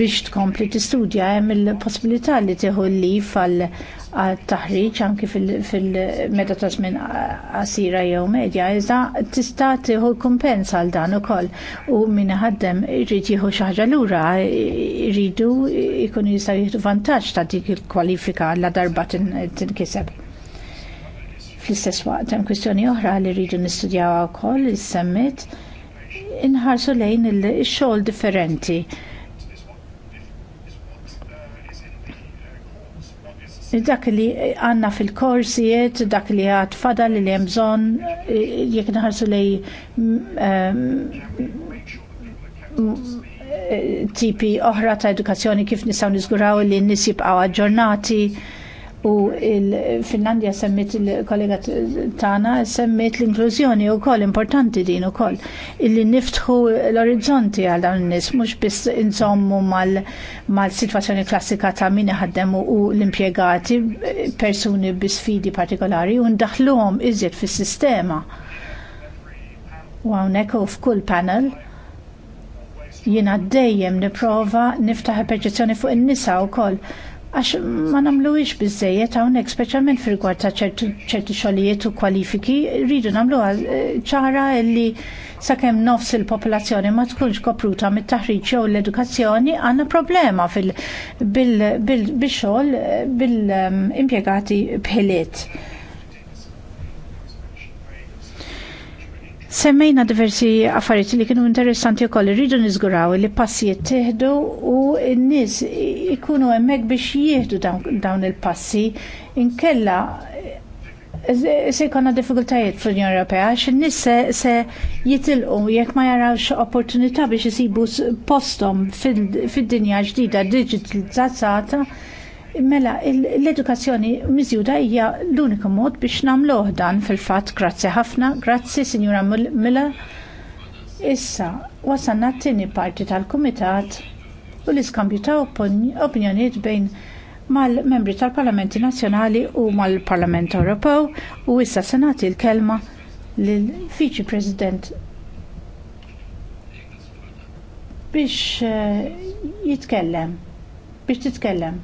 biex tkompli tistudja hemm il-possibilità li tieħu l-lif għal taħriġ anki fil-meta ta' żmien qasira jew medja, iżda tista' tieħu kumpens għal dan ukoll u min ħaddem irid jieħu xi ħaġa lura jridu jkunu jistgħu jieħdu vantaġġ ta' dik il-kwalifika għal darba tinkiseb. Fl-istess waqt hemm kwistjoni oħra li rridu nistudjawha wkoll is semmit inħarsu lejn il-xogħol differenti. dak li għanna fil-korsijiet, dak li għad fada li hemm bżonn jekk naħarsu lej ehm, tipi oħra ta' edukazzjoni kif nistgħu niżguraw li n-nies jibqgħu aġġornati u il-Finlandja semmit il-kollega tagħna semmit l-inklużjoni wkoll importanti din ukoll illi niftħu l-orizzonti għal dawn nies mhux biss insommu mal-sitwazzjoni klassika ta' min ħaddem u l-impjegati persuni bi sfidi partikolari u ndaħluhom iżjed fis-sistema. U hawnhekk u f'kull panel jiena dejjem nipprova niftaħ il-perċezzjoni fuq in-nisa wkoll għax ma namluwix bizzejiet hawnhekk speċjalment fil-gwar ta' ċerti xogħlijiet u kwalifiki, rridu namlu eh, ċara li sakemm nofs il-popolazzjoni ma tkunx kopruta mit-taħriġ jew l-edukazzjoni għandna problema bil-xol bil-impjegati eh, ehm, bħiliet. Semmejna diversi affarijiet li kienu interessanti wkoll irridu niżguraw li passi jittieħdu u n-nies ikunu hemmhekk biex jieħdu dawn il-passi inkella se jkollna diffikultajiet fl-Unjoni Ewropea għax n nies se, se jitilqu jekk ma jarawx opportunità biex isibu posthom fid-dinja ġdida digitalizzata Mela, l-edukazzjoni miżjuda hija l-uniku mod biex nagħmluh dan fil-fatt. Grazzi ħafna, grazzi Sinjura Miller. Issa, wasanna t-tieni parti tal-Kumitat u l-iskambju ta' opinjonijiet bejn mal-membri tal-Parlamenti Nazzjonali u mal-Parlament Ewropew u issa senati l-kelma lill fiċi President biex eh, jitkellem, biex titkellem.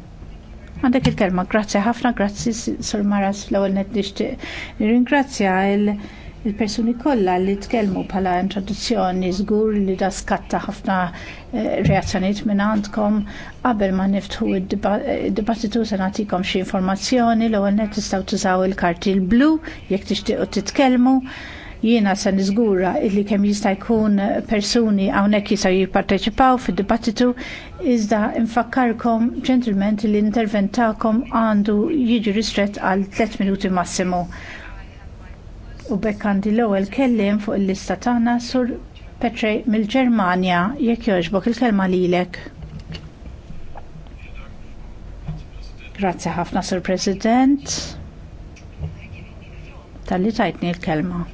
Għandek il-kelma, grazzi ħafna, grazzi Sur Maras l ewwel nixtieq Ringrazzja il-persuni kollha li tkellmu bħala introduzzjoni żgur li da skatta ħafna eh, reazzjonijiet minn għandkom qabel ma niftħu id-dibattitu se nagħtikom xi informazzjoni l-ewwel net tistgħu tużaw il-karti l-blu jekk tixtiequ titkellmu. Jiena se niżgura illi kemm jista' jkun persuni hawnhekk jistgħu jipparteċipaw fid-dibattitu iżda infakkarkom ġentilment li l-intervent tagħkom għandu jiġi ristret għal tliet minuti massimu. U bekk għandi l-ewwel kelliem fuq il-lista tagħna sur Petrej mill-Ġermanja jekk jogħġbok il-kelma lilek. Grazzi ħafna sur President tal-li tajtni l-kelma.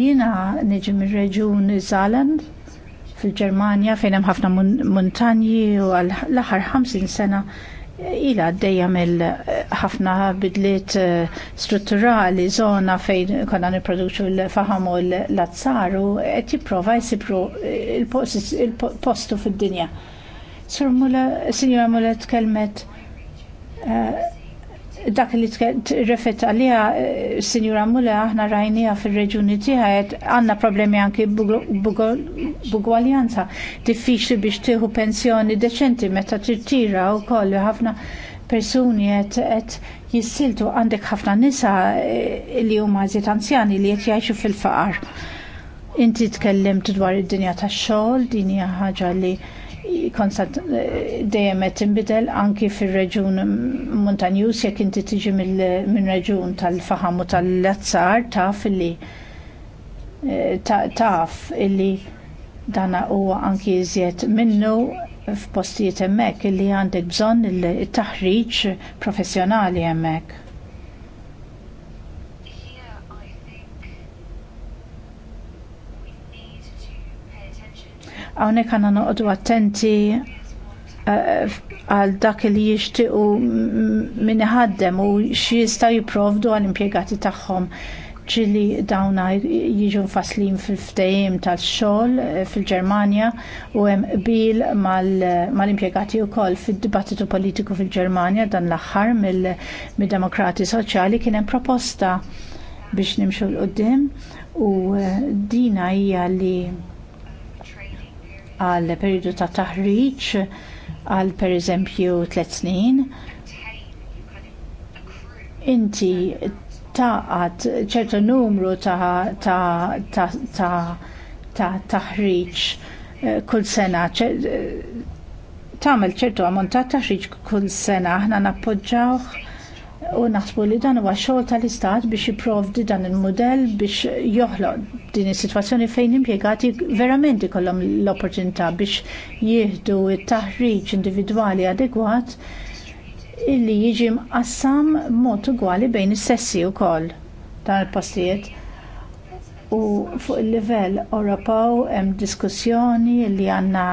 Jiena niġi mir-reġun Zaland fil-Ġermanja fejn hemm ħafna montanji u l-aħħar 50 sena ila għaddejja mill eh, ħafna bidliet eh, strutturali zona fejn konna niproduċu l-faham u l-azzar u qed jipprova jsibru eh, il-postu fid-dinja. Sur Mula, Sinjora Mula tkellmet dak li t-refet għalija, eh, Sinjura Mulla, aħna rajnija fil-reġuni tiħed, għanna problemi anki bugwaljanza, diffiċli biex tiħu pensjoni deċenti meta t-tira u kollu ħafna persuni għet jissiltu għandek ħafna nisa eh, li huma għazit anzjani li għet jgħajxu fil-faqar. Inti t dwar id-dinja tax xogħol, din hija ħaġa li konstant eh, dejjem qed inbidel anki fir reġjun montanjuż jekk inti tiġi mill reġjun tal faham u tal-azzar taf illi eh, taf illi dana huwa anki iżjed minnu f'postijiet hemmhekk illi għandek bżonn il-taħriġ professjonali hemmhekk. Hawnhekk għandna noqogħdu attenti eh, għal dak li jixtiequ min iħaddem u xi jista' jipprovdu għall impjegati tagħhom ċili dawna jiġu faslin fil-ftejim tal-xol eh, fil-ġermania u hemm bil mal-impjegati mal wkoll fid-dibattitu politiku fil-ġermania dan l-aħħar mill-demokrati soċjali kien hemm proposta biex nimxu l-qoddim u eh, dina hija li għal periodu ta' taħriġ għal pereżempju tliet snin. Inti taqat ċertu numru ta', ta, ta, ta, ta taħriġ eh, kull sena eh, tagħmel ċertu ammont ta' taħriġ kull sena aħna nappoġġawh U naħsbu li dan huwa xogħol tal-Istat biex jipprovdi dan il-mudell biex joħloq din is-sitwazzjoni fejn impjegati verament ikollhom l-opportunità biex jieħdu it-taħriġ individwali adegwat illi jiġi mqassam mod ugwali bejn is-sessi wkoll dan il-postijiet. U fuq il-livell Ewropew hemm diskussjoni li għandna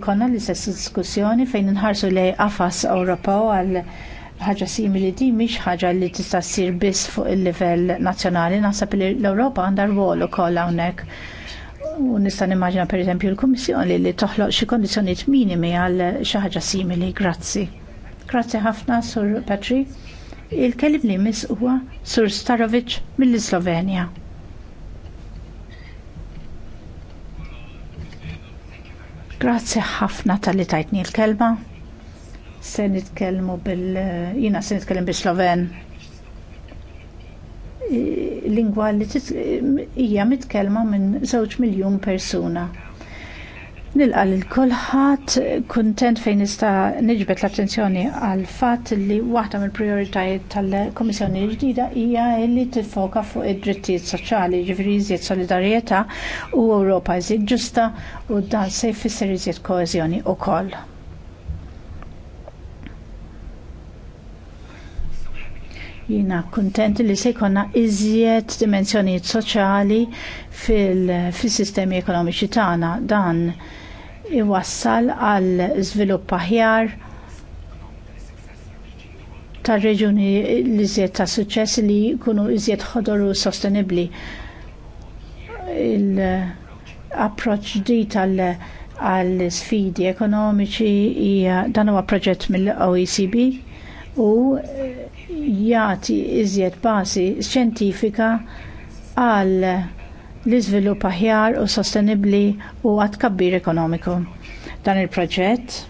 ikonna l-istess diskussjoni fejn inħarsu lej qafas Ewropew għal ħaġa simili di mhix ħaġa li tista' ssir biss fuq il-livell nazzjonali, naħseb li l-Ewropa għandha rwol ukoll hawnhekk. U nista' nimmaġina pereżempju l-Kummissjoni li toħloq xi kondizzjonijiet minimi għal xi ħaġa simili. Grazzi. Grazzi ħafna Sur Patri. Il-kelib li jmiss huwa Sur Starovic mill-Slovenja. Grazzi ħafna tal-li tajtni l-kelma se nitkellmu bil jina se nitkellem bil sloven lingwa li hija mitkellma minn żewġ miljun persuna. Nilqa l kulħadd kuntent fejn nista' niġbet l-attenzjoni għal fatt li waħda mill-prijoritajiet tal-Kummissjoni l-ġdida hija li tiffoka fuq id-drittijiet soċjali, ġifieri iżjed solidarjetà u Ewropa iżjed ġusta u dan se jfisser iżjed koeżjoni wkoll. Jina kontent li se jkollna iżjed dimensjonijiet soċjali fil-sistemi fil ekonomiċi tagħna dan iwassal għal żvilupp aħjar tar reġuni li iżjed ta' suċċess li jkunu iżjed ħodoru sostenibbli. il approċ di tal għal sfidi ekonomiċi hija dan huwa proġett mill-OECD u Jati iżjed bażi xjentifika għal l-iżvilupp aħjar u sostenibbli u għad kabbir ekonomiku. Dan il-proġett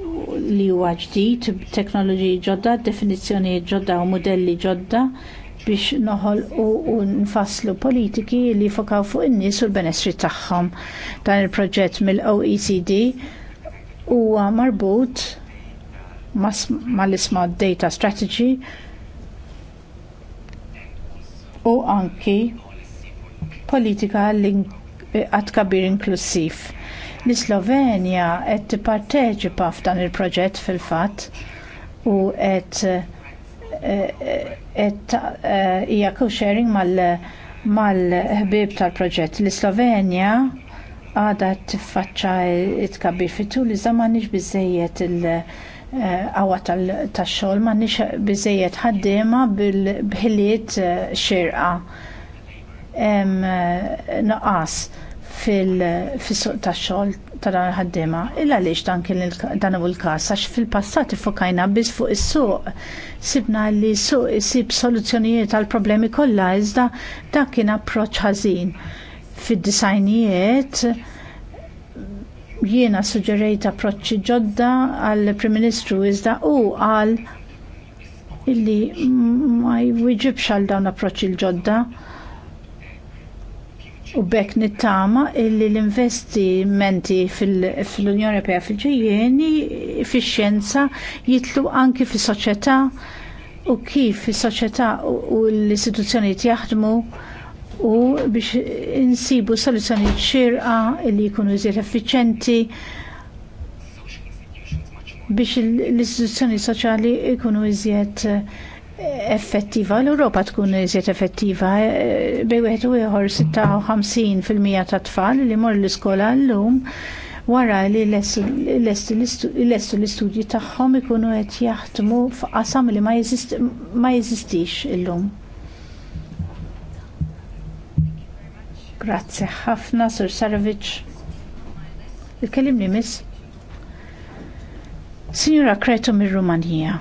li huwa ġdid teknoloġi ġodda, definizzjonijiet ġodda u mudelli ġodda biex noħol u nfasslu politiki li fokaw fuq in-nies u l-benessri tagħhom. Dan il-proġett mill-OECD huwa marbut mal-isma data strategy u anki politika għad kabir inklusiv. L-Slovenja qed tipparteċipa f'dan il-proġett fil-fatt u għed eh, eh, eh, hija co-sharing mal-ħbib tal-proġett. L-Slovenja għadha tiffaċċa it kabir fitu li zaman m'għandniex biżejjed il- għawa eh, tal-xol ma nix bizzejiet ħaddima bil-bħiliet eh, xirqa. Eh, Naqas fil-suq tax-xogħol ta' dan il-ħaddima. Illa għaliex dan kien dan u l-każ għax fil-passat ifukajna biss fuq is-suq. Sibna li suq isib soluzzjonijiet għal problemi kollha iżda dak kien approċċ ħażin fid-disajnijiet jiena suġġerejt approċċi ġodda għall prim Ministru iżda u għal illi ma jwiġibx għal dawn approċċi l-ġodda u bekk nittama illi l-investimenti fil-Unjoni Ewropea fil-ġejjeni fix-xjenza jitlu anki fis-soċjetà u kif is-soċjetà u l-istituzzjonijiet jaħdmu u biex insibu soluzzjoni ċirqa li jkunu iżjed effiċenti biex l-istituzzjoni soċjali jkunu iżjed effettiva, l-Europa tkun iżjed effettiva, bej wieħed u ieħor 56% ta' tfal li mor l-iskola llum wara li lestu l-istudji tagħhom ikunu qed jaħdmu f'qasam li ma jeżistix illum. Grazzi ħafna, Sur Sarovic. il kelimni li mis. Signora Kretu mir rumanija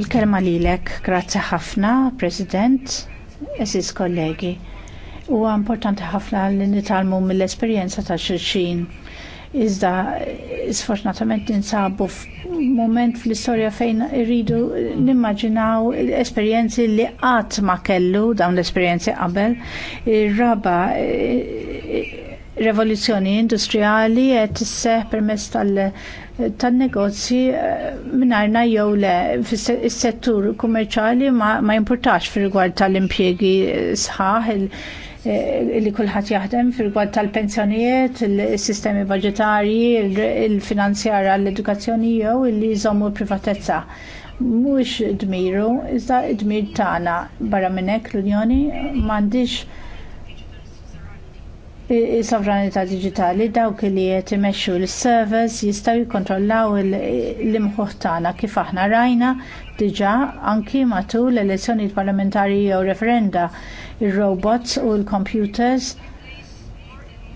il-kelma lilek, grazzi ħafna, President, esis kollegi. Huwa importanti ħafna li nitalmu mill-esperjenza ta' xulxin Iżda sfortunatament ninsabu f'mument fl-istorja fejn irridu nimmaġinaw esperjenzi li qatt ma kellu dawn l-esperjenzi qabel. Ir-raba eh, rivoluzzjoni industriali qed isseħ permezz tan-negozji eh, mingħajrna jew le fis-settur kummerċjali ma, ma jimpurtax fir-rigward tal-impjiegi sħaħ Eh, li kulħadd jaħdem fil-gwad tal-pensjonijiet, il-sistemi budgetarji, il-finanzjara l-edukazzjoni jew li jżommu privatezza. Mhuwiex dmiru, iżda dmir tagħna barra minn hekk l-Unjoni m'għandix is-sovranità diġitali dawk li qed imexxu l-servers jistgħu jikkontrollaw l-imħuħ tagħna kif aħna rajna diġà anki matul l-elezzjoni parlamentari jew referenda ir-robots u l-computers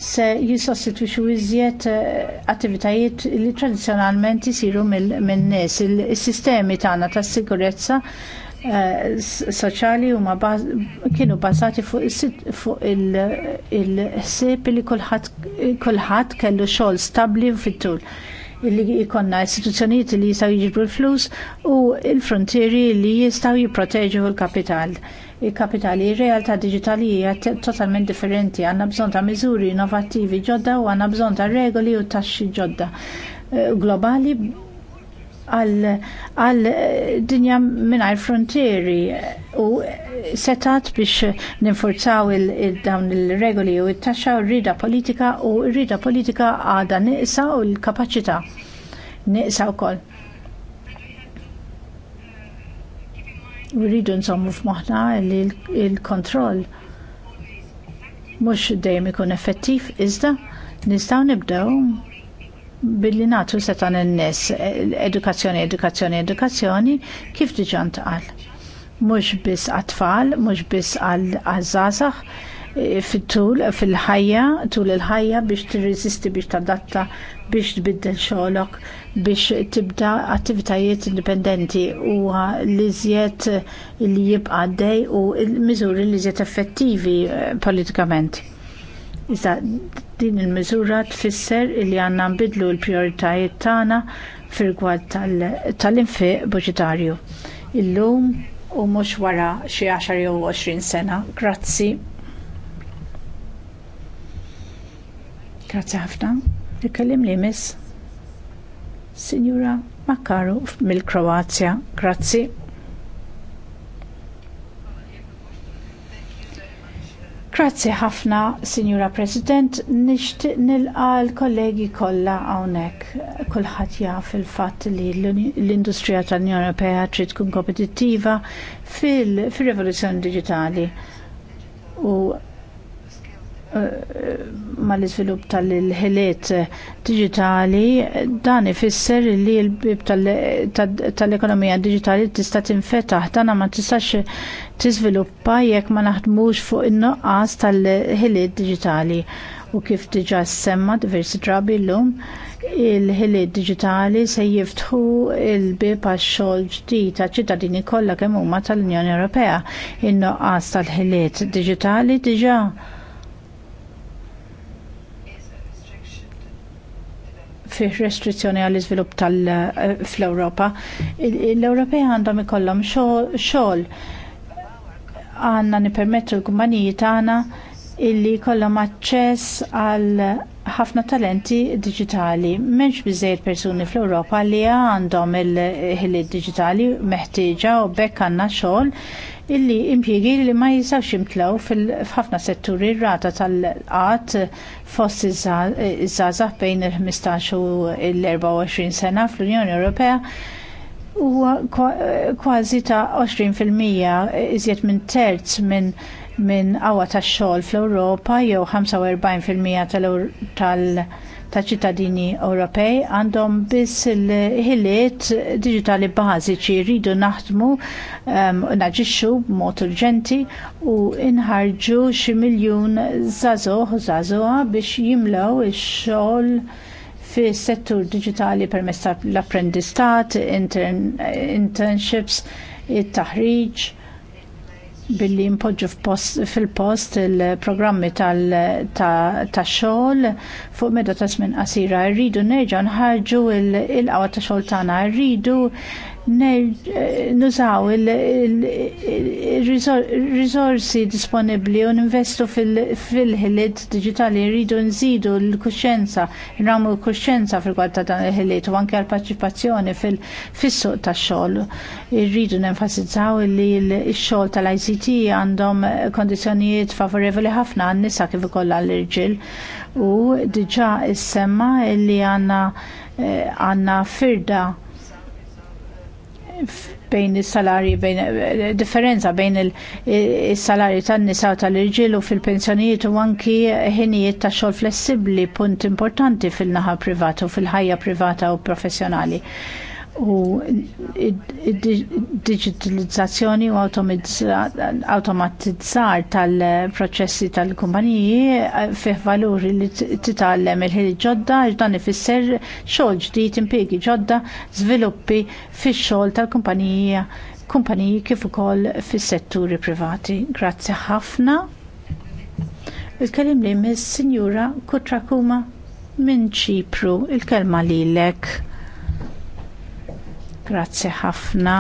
se jissostitwixxu iżjed eh, attivitajiet li tradizzjonalment isiru min nies. Is-sistemi tagħna tas-sigurezza eh, soċjali huma kienu bbażati fuq il-ħsieb li kulħadd kellu xogħol stabbli u fit-tul illi jikonna istituzzjonijiet li jistaw jġibru l-flus u il-frontieri li jistaw jiproteġu l-kapital. Il-kapitali, il-realtà digitali hija totalment differenti, għanna bżon ta' miżuri innovattivi ġodda u għanna bżon ta' regoli u taxxi ġodda eh, globali għal dinja mingħajr frontieri u setat biex ninforzaw il-dawn il-regoli u it-taxxa u rrida politika u rrida politika għada niqsa u l kapaċità niqsa wkoll. rridu nżommu f'moħħna li l-kontroll mhux dejjem ikun effettiv iżda nistgħu nibdew billi natu setan n nes edukazzjoni, edukazzjoni, edukazzjoni kif diġan tqal. Mux bis għatfall, mux bis għal-għazazax, eh, fit-tul, fil-ħajja, tul il-ħajja biex tirriżisti biex tadatta, biex tbiddel xolok, biex tibda attivitajiet indipendenti u li zjed li jibqa' dej u l-miżuri li zjed effettivi eh, politikament. Iżda din il-miżura tfisser li għandna nbidlu l-prioritajiet tagħna fir-rigward tal-infiq budġetarju. Illum u mhux wara xi 10 jew 20 sena. Grazzi. Grazzi ħafna. Ikkellim li miss. Signora Makaru mill-Kroazja. Grazzi. Grazzi ħafna, Signora President, nixtieq nilqa l-kollegi kollha hawnhekk. Kulħadd jaf il-fatt li l-industrija tal-Unjoni Ewropea trid tkun kompetittiva fil-rivoluzzjoni digitali u Eh, mal-izvilup tal-ħiliet digitali dan ifisser li l-bib tal-ekonomija digitali tista' tinfetaħ dan ma tistax tiżviluppa jekk ma naħdmux fuq in-noqqas tal-ħiliet digitali u kif diġà semma diversi drabi l-lum il-ħiliet digitali se jiftħu il-bib għax-xogħol ġdid ta' ċittadini kollha kemm huma tal-Unjoni Ewropea. In-noqqas tal-ħiliet digitali diġa' fi restrizzjoni għall iżvilupp tal eh, fl-Ewropa. L-Ewropej għandhom ikollhom xogħol għandna nipermettu l-kumpaniji tagħna illi kollhom aċċess għal ħafna talenti digitali. Mhux biżejjed persuni fl-Europa li għandhom il ħiliet digitali meħtieġa u bekk għandna xogħol illi impjiegi li ma ximtlaw fil f'ħafna setturi r-rata tal-qat fost iż-żgħażagħ bejn il-15 u l-24 sena fl-Unjoni Ewropea huwa kważi ta' 20% iżjed minn terz minn min għawa tax-xogħol fl-Ewropa jew 45% tal-, tal ta' ċittadini Ewropej għandhom biss il-ħiliet digitali bażiċi rridu naħdmu ehm, naġixxu b'mod urġenti u inħarġu xi miljun żagħżugħ żagħżugħa biex jimlew ix-xogħol fis settur digitali permezz tal-apprendistat, internships, it-taħriġ billi impoġġu fil-post il-programmi tal-xogħol fuq meta ta' żmien qasira rridu nerġa' nħarġu il-qawa ta' xogħol tagħna rridu nużaw il risorsi disponibli u ninvestu fil-ħiliet digitali rridu nżidu l-kuxenza, nramu l-kuxenza fil ta' dan il-ħiliet u anke għal-parċipazzjoni fil-suq ta' xogħol. Irridu nenfasizzaw li l-xogħol tal-ICT għandhom kondizjonijiet favorevoli ħafna għan-nisa kif ukoll l irġiel u diġà semma li għandna eh, għandna firda bejn is-salari bejn eh, differenza bejn is-salari tan-nisa u tal-irġiel u fil-pensjonijiet u anki ħinijiet ta' xogħol flessibbli punt importanti fil-naħa privata u fil-ħajja privata u professjonali u digitalizzazzjoni u automatizzar tal-proċessi tal-kumpaniji eh, fih valuri li titgħallem il-ħil ġodda dan ifisser xogħol ġdid impjiegi ġodda żviluppi fix-xogħol tal-kumpanija kumpaniji kif ukoll fis-setturi privati. Grazzi ħafna. Il-kelim li miss Sinjura Kutrakuma minn Ċipru, il-kelma lilek. Grazzi ħafna.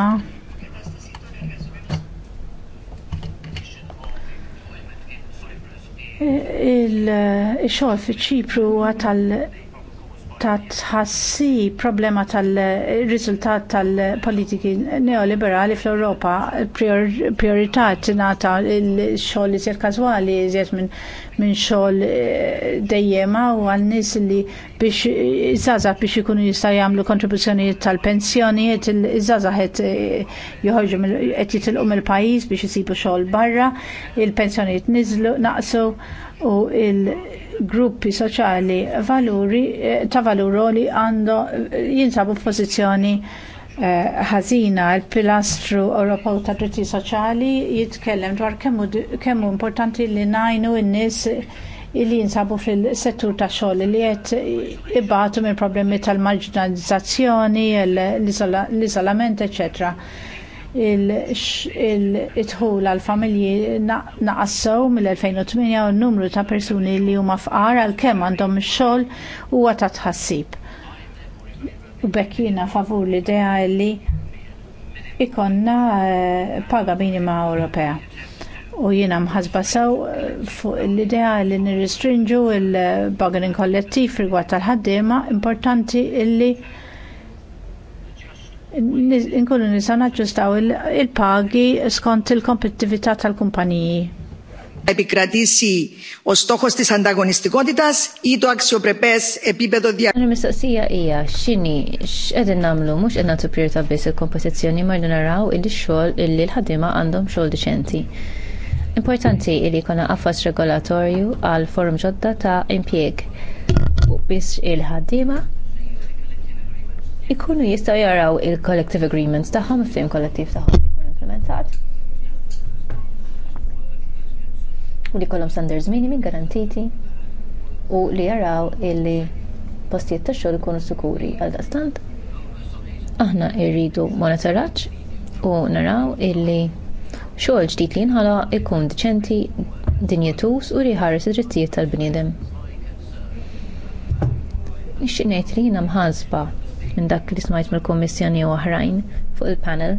il-xogħol fi ċipru tal ta' tħassi problema tal-riżultat tal-politiki neoliberali fl-Europa priorità nata il-xogħol iżjed każwali iżjed minn xol xogħol eh, dejjema u għal nies li biex iżaza biex ikunu jista' jagħmlu kontribuzzjonijiet tal-pensjonijiet iż-żaza qed eh, joħorġu qed jitilqu mill-pajjiż biex isibu xogħol barra, il-pensjonijiet niżlu naqsu u il- gruppi soċjali valuri eh, ta' valuroli għandu eh, jinsabu f'pożizzjoni eh, ħażina uh, il-pilastru Ewropew ta' dritti soċjali jitkellem dwar kemm hu importanti li ngħinu n-nies li jinsabu fil-settur ta' xogħol li qed ibatu minn problemi tal-marginalizzazzjoni, l-iżolament, eċċetera il-tħul għal-familji naqassaw mill-2008 u n-numru ta' persuni li huma fqar għal għandhom għandhom xogħol huwa ta' tħassib. U b'hekk jiena favur l-idea li ikonna eh, paga minima Ewropea. U jiena mħasba sew eh, fuq l-idea li nirristrinġu il-bargaining kollettiv rigward tal-ħaddiema importanti illi nkunu nisa naġġustaw il-pagi skont il-kompetitività tal-kumpaniji. Επικρατήσει ο στόχο τη ανταγωνιστικότητα ή το αξιοπρεπέ επίπεδο διαβίωση. Il-mistoqsija hija x'inhi x'qegħdin nagħmlu mhux qed nagħtu prijorita biss il-kompetizzjoni ma naraw il-xogħol il ħadima ħaddiema għandhom xogħol diċenti. Importanti li jkollna qafas regolatorju għal forum ġodda ta' impjieg biex il-ħaddiema ikunu jistgħu jaraw il-collective agreements tagħhom il-ftehim kollettiv tagħhom ikun implementat. U li kollom standards minimi garantiti u li jaraw illi postijiet tax xogħol ikunu sikuri għal dastant. Aħna rridu monitoraġġ u naraw illi xogħol ġdid li jinħala ikun diċenti, dinjetus u li jħares id-drittijiet tal-bniedem. Nixtieq ngħid li jiena mħansba minn dak li smajt mill-Kummissjoni u oħrajn fuq il-panel.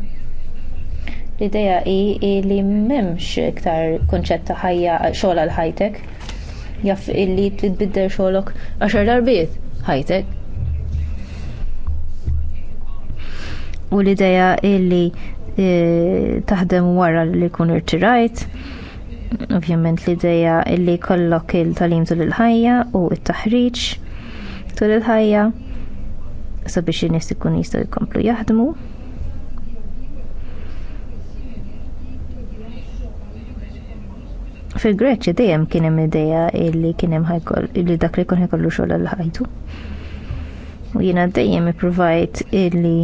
L-idea hi li m'hemmx iktar kunċett ta' ħajja xogħol għal ħajtek jaff illi tbiddel xogħolok għaxar darbiet ħajtek. U l-idea illi e, taħdem wara li jkun irtirajt ovvjament l-ideja li kollok il-talim tul il-ħajja u t taħriġ tul il-ħajja sabiex in-nies ikun jistgħu jkomplu jaħdmu. fil greċi dejjem kien hemm idea li kien hemm li dak li jkun ħajkollu xogħol għal ħajtu. U jiena dejjem ipprovajt illi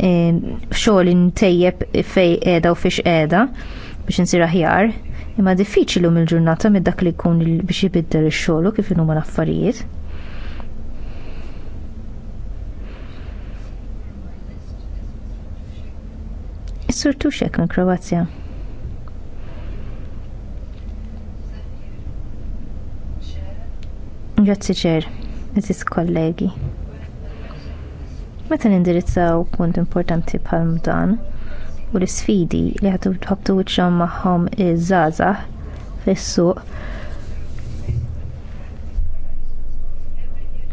eh, xogħol intejjeb fej qiegħda u fiex qiegħda biex insir aħjar, imma diffiċli mill-ġurnata mid dak li jkun biex jibiddel ix-xogħol kif inhuma l-affarijiet. Is-Sur Tuxek minn Kroazja. Grazzi ċer, eżis kollegi. Meta nindirizzaw punt importanti bħal dan u l-sfidi li għatu għabtu wiċċhom maħħom il żgħażagħ fis-suq.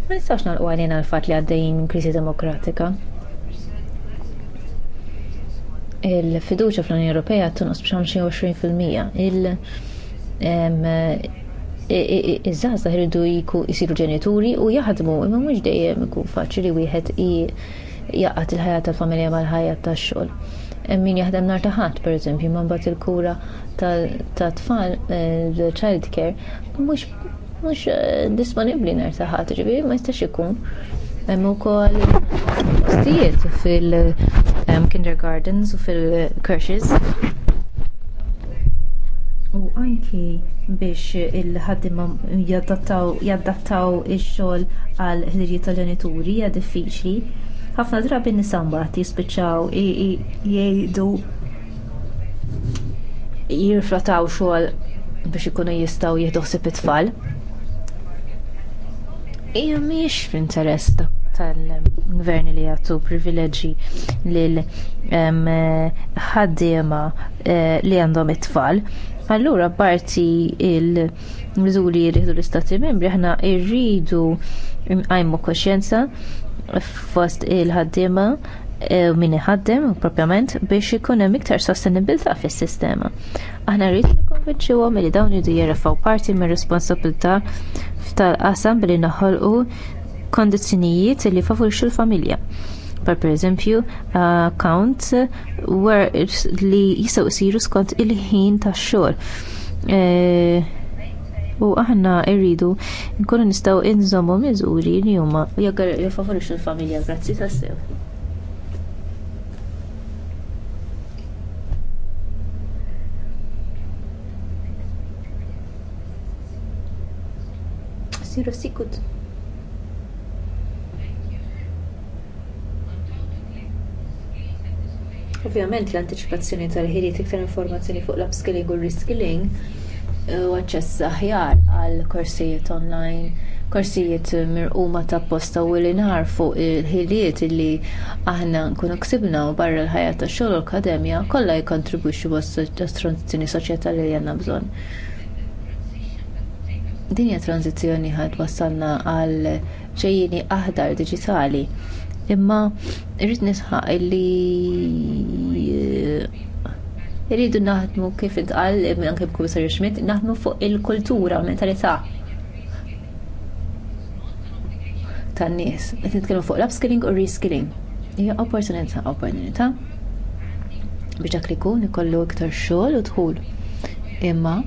Ma nistax nagħlqu għalina l fat li għaddejn kriżi demokratika il-fiduċa fl-Unjoni Ewropea tonqos b'xi 20%. Il- Iż-żazda ħiridu jiku jisiru ġenituri u jaħdmu, imma mhux dejjem ikun faċli wieħed jaqgħad il-ħajja tal-familja mal-ħajja tax-xogħol. Min jaħdem nar taħat, per eżempju, ma mbagħad il-kura tat-tfal, eh, child care, mhux mhux eh, disponibbli nar taħat, ġifieri ma jistax ikun. Hemm ukoll fil Um, kindergartens u fil-crashes. U anki biex il ħaddim jaddattaw ix-xogħol għal ħdirijiet tal-ġenituri hija diffiċli. Ħafna drabi nisambati jispiċċaw jgħidu jirflataw xogħol biex ikunu jistgħu jieħdu it-tfal. Hija mhix fl-interess ta' tal-gvern li jagħtu privileġġi lil ħaddiema eh, li għandhom it-tfal. Allura parti il-miżuri jridu l-istati membri aħna rridu għajmu koxjenza fost il-ħaddiema eh, min iħaddem propjament biex ikun hemm iktar sostenibilità fis-sistema. Aħna rrid nikkonvinċuhom li dawn idu jerfgħu parti mir-responsabilità tal-qasam billi naħolqu kondizzjonijiet li favorixxu l-familja. Per pereżempju, account li jistgħu jsiru skont il-ħin tax-xogħol. E, u aħna rridu nkunu nistgħu inżommu miżuri li huma jfavorixxu l-familja grazzi tassew. Siru sikut. Ovvjament l-antiċipazzjoni tal-ħiliet iktar informazzjoni fuq l-upskilling u reskilling eh, u aċċess aħjar għal korsijiet online, korsijiet eh, mirquma ta' posta u li fuq il-ħiliet li aħna nkunu ksibna u barra l-ħajja ta' xogħol u l-akademja kollha jikkontribwixxu għas-tranzizzjoni soċjetali li għandna bżonn. Din tranzizzjoni ħadd wassalna għal ġejjini aħdar diġitali Imma irrid nisħaq li eh, irridu naħdmu kif intqal anke b'Kumissar Schmidt, naħdmu fuq il-kultura, mentalità tan-nies. Qed nitkellmu fuq l-upskilling u reskilling. Hija opportunità, opportunità biex dak li jkun ikollu iktar xogħol u dħul. Imma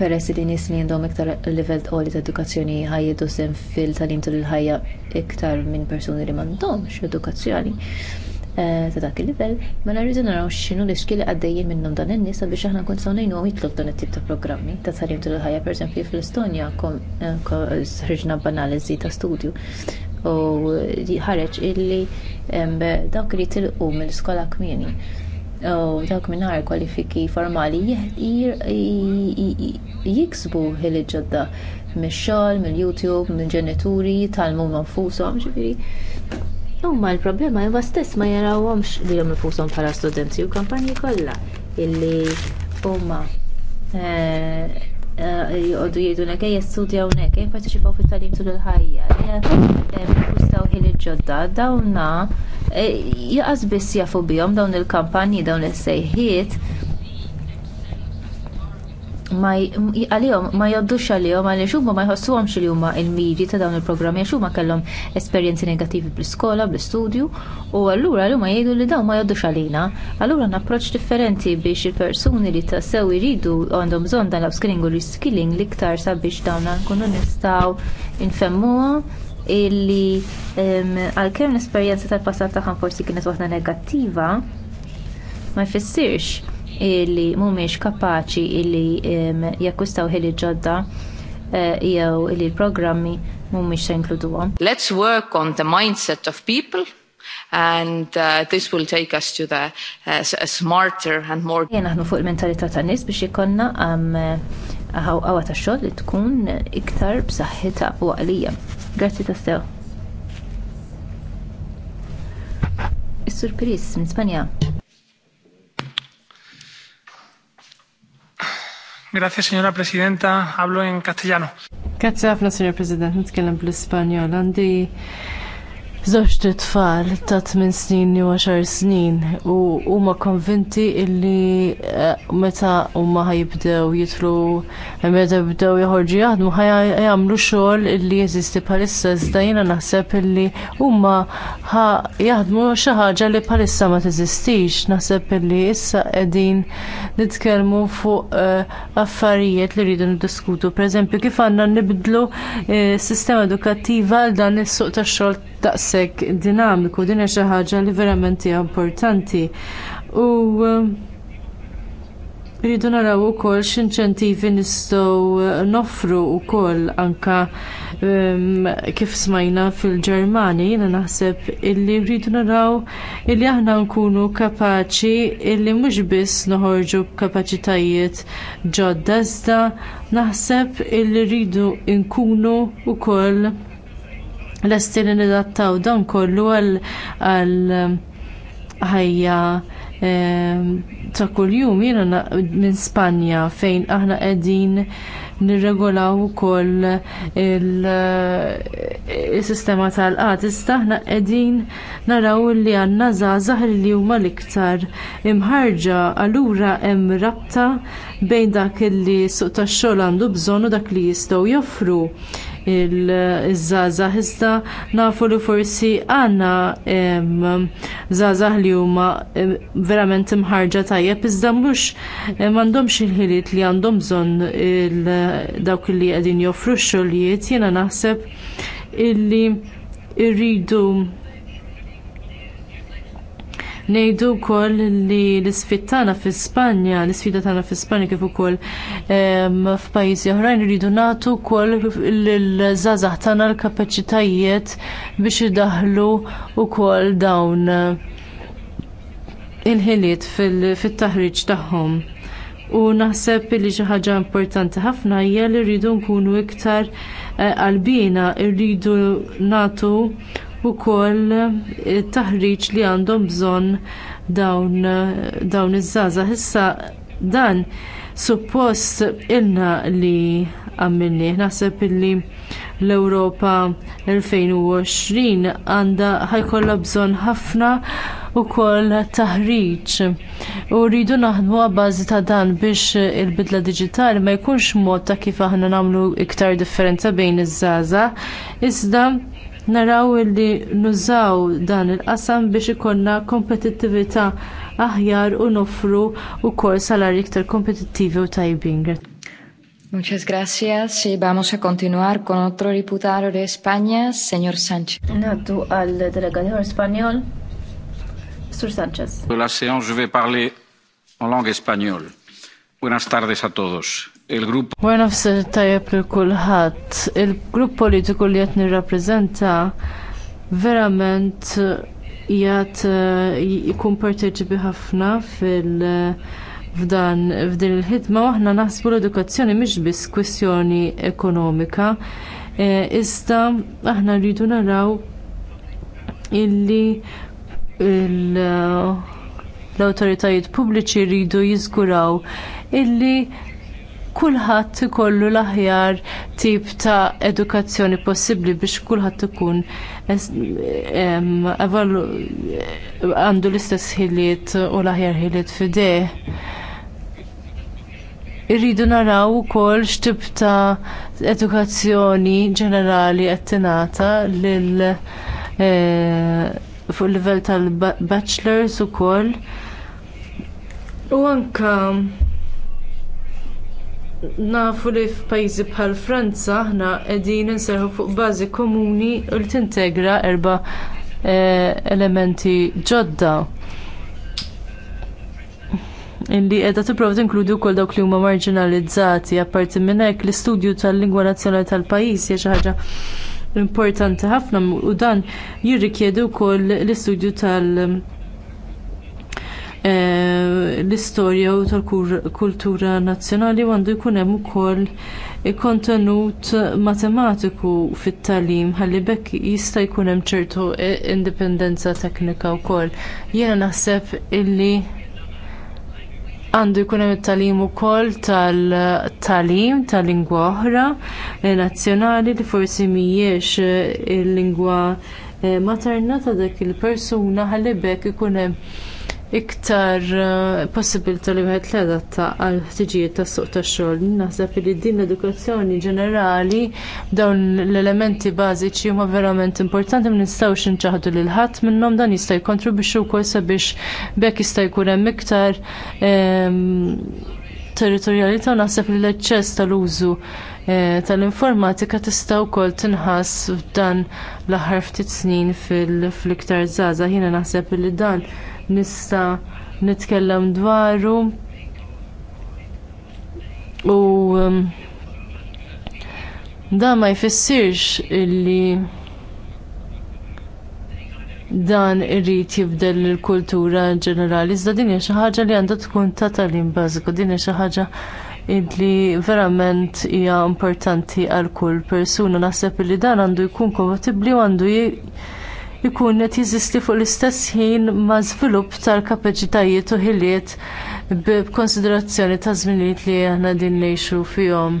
Peress li nies li għandhom iktar livell qoli ta' edukazzjoni ħajjedu sem fil-talim tal-ħajja iktar minn persuni li m'għandhomx edukazzjoni eh, ta' dak il-livell, ma narridu naraw x'inhu l-iskili għaddejjin minnhom dan in nies biex aħna nkun saw ngħinuhom jitlob dan it-tip ta' programmi ta' salim tal-ħajja pereżempju fl-Estonja eh, ħriġna banalizzi ta' studju u ħareġ illi dawk li tilqu mill-iskola kmieni u dawk minnar kwalifiki formali jiksbu il-ġodda mill-xogħol, mill-YouTube, mill-ġenituri, tal-mu manfushom, ġifieri. Umma l-problema jwa iva stess ma jarawhomx li jom infushom bħala studenti u kampanji kollha illi huma eh, jgħodu jgħidu nek, jgħi studja unek, jgħi parteċipaw fit talim tul il-ħajja, jgħi ħili ġodda, dawna jgħas biss jafu bijom dawn il-kampanji, dawn il-sejħiet, għalihom ma jgħaddux għalihom għaliex huma ma jħossuhomx li huma l-miri ta' dawn il-programmi għax huma kellhom esperjenzi negattivi bl-iskola, bl-istudju u allura l huma jgħidu li dawn ma jgħaddux għalina. Allura approċċ differenti biex il-persuni li ta' sew iridu għandhom bżonn dan l-upskilling u reskilling l-iktar sabiex dawn nkunu nistgħu infemmuhom illi għalkemm l-esperjenza tal-passat tagħhom forsi kienet waħda negattiva ma jfissirx illi mhumiex kapaċi illi jakkwistaw ħili ġodda eh, jew illi l-programmi mhumiex se jinkluduhom. Let's work on the mindset of people and uh, this will take us to the uh, smarter and more Jena aħna fuq il-mentalità ta' nies biex ikonna għam għawa eh, ta' xogħol li tkun iktar b'saħħitha u għalija. Grazzi ta' sew. Is-surpriz minn Spanja. Grazie, signora Presidenta. Hablo in castellano. Grazie, ħafna, signor President. Nitkellem bl-Ispanjol. Għandi Zoċ tfal ta' 8 snin u 10 snin u huma konvinti illi eh, meta huma ħajibdew jitlu meta jibdew jħorġu jaħdmu jagħmlu xogħol illi jeżisti bħalissa iżda jiena naħseb illi huma jaħdmu xi ħaġa li bħalissa ma teżistix. Naħseb illi issa qegħdin nitkellmu fuq eh, affarijiet li rridu niddiskutu. Pereżempju kif għandna nibdlu eh, sistema edukattiva għal dan is-suq tax-xogħol daqshekk dinamiku din hija xi ħaġa li verament hija importanti. U eh, rridu naraw ukoll x'inċentivi nistgħu eh, noffru wkoll anke eh, kif smajna fil-Ġermani, jiena naħseb illi rridu naraw illi aħna nkunu kapaċi illi mhux biss noħorġu b'kapaċitajiet ġodda iżda naħseb illi rridu nkunu wkoll lesti li nidattaw dan kollu għal ħajja ehm, ta' kuljum jiena minn Spanja fejn aħna qegħdin nirregolaw ukoll eh, il-sistema tal-qat. Issa aħna qegħdin naraw li għandna żgħażagħ li huma l-iktar imħarġa allura hemm rabta bejn dak li suq tax-xogħol għandu bżonn u dak li jistgħu joffru il-żazah iżda nafu li forsi għandna żazah li huma verament imħarġa tajjeb iżda mhux m'għandhomx il-ħiliet li għandhom bżonn dawk li qegħdin joffru x-xogħlijiet jiena naħseb illi rridu Ngħidu wkoll li l-isfid tagħna fi Spanja, l-isfida tagħna fi Spanja kif ukoll f'pajjiżi oħrajn iridu nagħtu wkoll l żażaħ tagħna l-kapaċitajiet biex idaħlu wkoll dawn eh, il-ħiliet fit-taħriġ tagħhom. U naħseb li xi ħaġa importanti ħafna hija li rridu nkunu iktar qalbina, eh, rridu nagħtu ukoll koll taħriġ li għandhom bżonn dawn, dawn iż żaza Issa dan suppost ilna li għamilni. Naħseb illi l-Europa 2020 għandha ħajkolla bżonn ħafna ukoll taħriġ. U rridu naħdmu bażi ta' dan biex il-bidla diġitali ma jkunx mod ta' kif aħna nagħmlu iktar differenza bejn iż żaza iżda naraw li nużaw dan il-qasam biex ikollna kompetittività aħjar u noffru wkoll salarji iktar kompetittivi u tajbin. Muchas gracias y vamos a continuar con otro diputado de España, señor Sánchez. No, tú al delegado español, señor Sánchez. De la séance, je vais parler en langue espagnole. Buenas tardes a todos il-grupp. Għarna f'ser tajab li kullħat, il-grupp politiku li jett nirrappreżenta verament jgħat eh, jkun parteċipi ħafna fil- f'dan f'din il-ħidma aħna naħsbu l-edukazzjoni mhix biss kwestjoni ekonomika. Eh, iżda aħna rridu naraw illi eh, l-awtoritajiet pubbliċi rridu jiżguraw illi kulħadd ikollu l-aħjar tip ta' edukazzjoni possibbli biex kulħadd ikun għandu l-istess ħiliet u l-aħjar ħiliet fideh. Irridu naraw ukoll x'tip ta' edukazzjoni ġenerali qed tingħata lil e, fuq il livell tal-bachelors ukoll. U anke nafu li f'pajjiżi bħal Franza aħna qegħdin inserħu fuq bażi komuni li tintegra erba' eh, elementi ġodda. Illi qiegħda tipprova tinkludi wkoll dawk li huma marginalizzati apparti minn hekk l-istudju tal-lingwa nazzjonali tal-pajjiż hija xi ħaġa importanti ħafna u dan jirrikjedi wkoll l-istudju tal- Eh, l-istorja u tal-kultura nazzjonali għandu jkun hemm ukoll kontenut matematiku fit-talim ħalli bekk jista' jkun hemm ċertu eh, indipendenza teknika wkoll. Jiena naħseb illi għandu jkun hemm it-talim ukoll tal-talim tal-lingwa oħra eh, nazzjonali li forsi mhijiex il-lingwa materna ta' dak il-persuna ħalli bekk ikun hemm iktar eh, possibilità li wieħed leda adatta għal ħtiġijiet tas-suq tax-xogħol. Naħseb li din l-edukazzjoni ġenerali dawn l-elementi bażiċi huma verament importanti ma nistgħux inċaħdu lil ħadd minnhom dan jista' jikkontribwixxu wkoll sabiex bekk jista' jkun hemm iktar ehm, territorjalità u naħseb li l-eċċess tal-użu eh, tal-informatika tista' wkoll tinħass f'dan l-aħħar ftit snin fil-iktar żgħażagħ. Jiena naħseb li dan nista nitkellem dwaru u um, da ma jfissirx illi dan irrid jibdel il-kultura ġenerali. Iżda din hija xi ħaġa li għandha tkun ta' tagħlim bażiku, din hija xi ħaġa li verament hija importanti għal kull persuna. Naħseb li dan għandu jkun kompatibbli u għandu ikun qed jiżisti fuq l-istess ħin ma' żvilupp tal-kapaċitajiet u ħiliet b'konsiderazzjoni ta' żminijiet li aħna din ngħixu fihom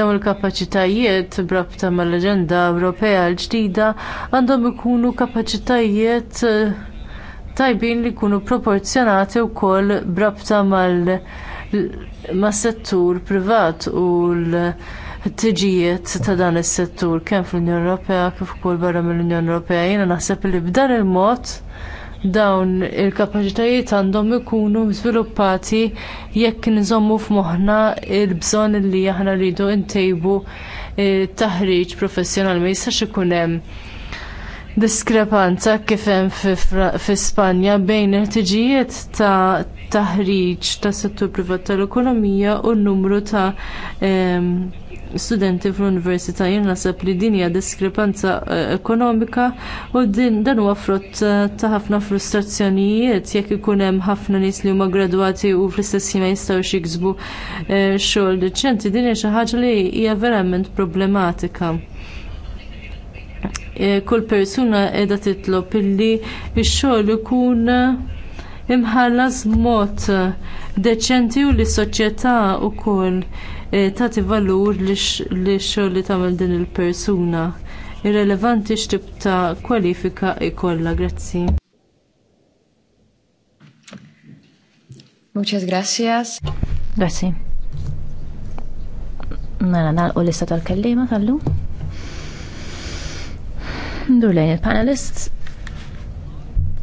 dawn il-kapaċitajiet brabta mal-Aġenda Ewropea l-ġdida għandhom ikunu kapaċitajiet eh, tajbin li jkunu proporzjonati wkoll brabta mal-settur privat u l- tiġijiet ta' dan is-settur kemm fl-Unjoni Ewropea kif ukoll barra mill-Unjoni Ewropea. Jiena naħseb li b'dan il-mod dawn il-kapaċitajiet għandhom ikunu żviluppati jekk nżommu f'moħħna l bżonn li aħna rridu ntejbu eh, taħriġ professjonali ma jistax ikun hemm diskrepanza kif hemm fi Spanja bejn il-ħtiġijiet ta' taħriġ tas settur privat tal-ekonomija u n-numru ta' ehm, studenti fl-università jien naħseb li din hija diskrepanza eh, ekonomika u din dan huwa frott eh, ta' ħafna frustrazzjonijiet jekk ikun hemm ħafna nies li huma gradwati u fl-istess ma jistgħux jiksbu eh, xogħol deċenti din hija xi ħaġa li hija verament problematika. Eh, kull persuna qiegħda titlob illi x-xogħol ikun eh, imħallas b'mod eh, deċenti u lis soċjetà wkoll tagħti valur x xogħol li tagħmel din il-persuna. Irrelevanti x'tib ta' kwalifika jkollha, grazzi. Muchas gracias. Grazzi. Mela nalqu lista tal-kellima tal-lum. Ndur il-panelists.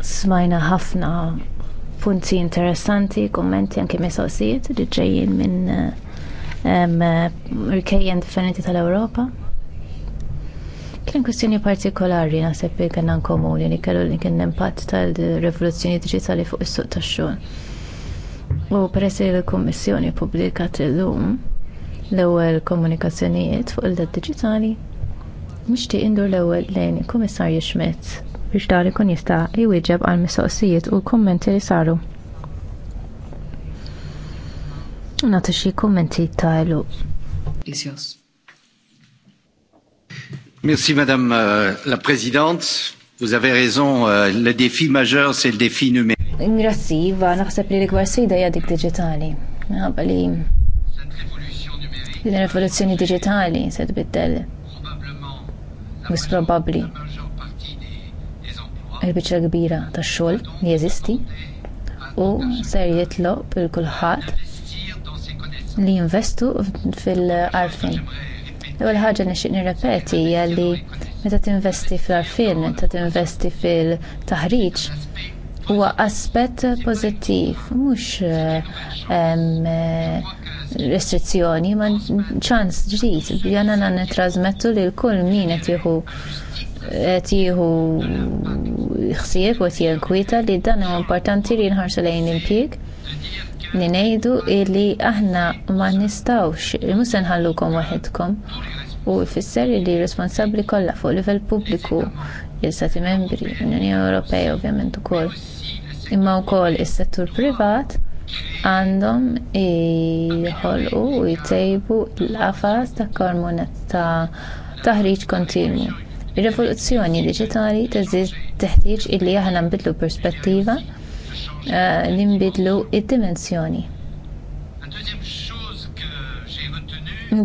Smajna ħafna punti interessanti, kommenti anke mistoqsijiet li ġejjin minn eh, eh, rkejjen differenti tal-Ewropa. Kien kwistjoni partikolari naħseb li kien komuni li kellu li kien impatt tal-rivoluzzjoni diġitali fuq is-suq tax-xogħol. U peress li l-Kummissjoni ppubblikat illum l-ewwel komunikazzjonijiet fuq il-dat diġitali Mishti indur l ewel lejn il-Kummissarju Schmidt biex dar ikun jista' jwieġeb għal mistoqsijiet u l-kummenti li saru. Nagħti xi kummenti ta' Isjos. Merci Madame euh, la Présidente. Vous avez raison, euh, le défi majeur c'est le défi numérique. Ingrazzi, va naħseb li l-ikbar sfida hija dik diġitali. Minħabba li l-rivoluzzjoni diġitali se tbiddel biss probabbli il-biċċa kbira tax-xogħol li jeżisti u ser jitlob il kulħadd li jinvestu fil-arfin. L-ewwel ħaġa nixtieq nirrepeti hija li meta tinvesti fl-arfin, meta tinvesti fil-taħriġ, huwa aspett pożittiv, mhux restrizzjoni, ma ċans ġdid li trasmettu li lil kull min qed jieħu qed jieħu ħsieb u qed jinkwita li dan huwa importanti li nħarsu lejn impjieg li ngħidu li aħna ma nistawx, mhux se nħallukom waħedkom u jfisser li responsabbli kollha fuq livell pubbliku l-Stati Membri, l-Unjoni Ewropea ovvjament ukoll imma wkoll is-settur privat għandhom jħolqu u jtejbu l-qafas ta' kormonet ta' taħriġ kontinwu. ir revoluzzjoni diġitali teħtieġ illi aħna nbidlu perspettiva eh, li nbidlu id-dimensjoni.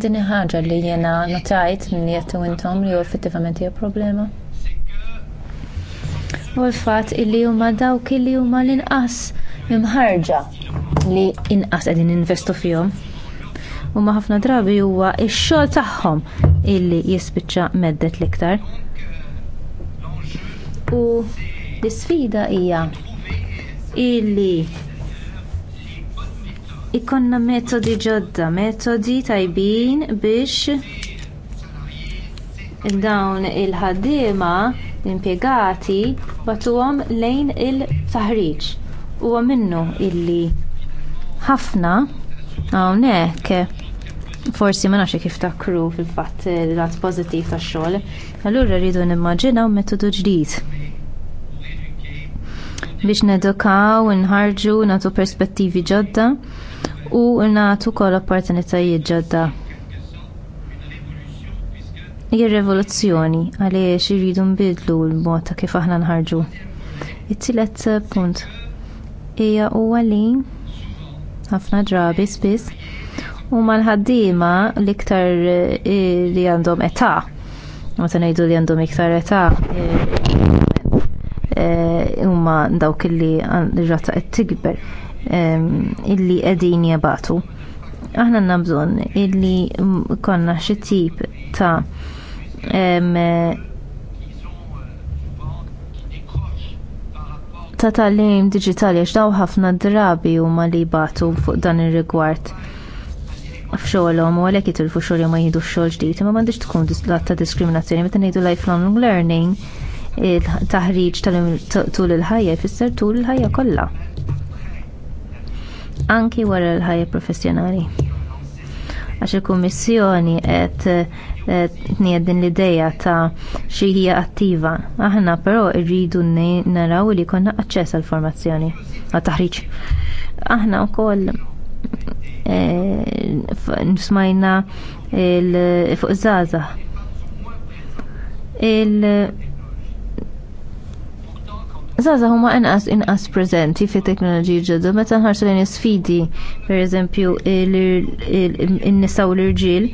Din ħaġa li jena notajt minn jattu intom li effettivament hija problema u l-fatt illi huma dawk illi huma l-inqas imħarġa li inqas qegħdin investu fihom. U ħafna drabi huwa x-xogħol tagħhom illi jispiċċa meddet l-iktar. U l-isfida hija illi ikonna metodi ġodda, metodi tajbin biex dawn il-ħaddiema l-impjegati bagħtuhom lejn il-taħriġ. Huwa minnu illi ħafna hawnhekk forsi ma nafx kif takru fil-fatt l-att pożittiv tax-xogħol, allura rridu nimmaġinaw metodu ġdid. Biex nedukaw, nħarġu, nagħtu perspettivi ġodda u nagħtu kol opportunitajiet ġodda ir-revoluzzjoni għaliex irridu nbidlu l-mod ta' kif aħna nħarġu. It-tielet punt hija huwa li ħafna drabi spiss huma l-ħaddiema l-iktar eh, li għandhom età. Meta ngħidu li għandhom iktar età eh, eh, huma dawk li r-rata qed tikber ehm, illi qegħdin jabatu. Aħna għandna bżonn illi mm, konna xi tip ta' Eh, ta' tal-lim digitali għax daw ħafna drabi huma li batu fuq dan ir-rigward f'xogħolhom u għalhekk jitilfu xogħol ma jidu xogħol ġdid, imma mandiġ tkun ta' diskriminazzjoni meta ngħidu lifelong learning il-taħriġ tul il-ħajja jfisser tul il-ħajja kollha. Anki wara l-ħajja professjonali għax il-Kummissjoni qed eh, tnied din l-ideja ta' xi hija attiva. Aħna però rridu naraw li jkollna aċċess għall formazzjoni għat taħriġ. Aħna wkoll eh, nismajna fuq żgħażagħ Zaza huma inqas inqas preżenti fi teknoloġi ġodda meta nħarsu lejn sfidi, pereżempju in nisaw l-irġiel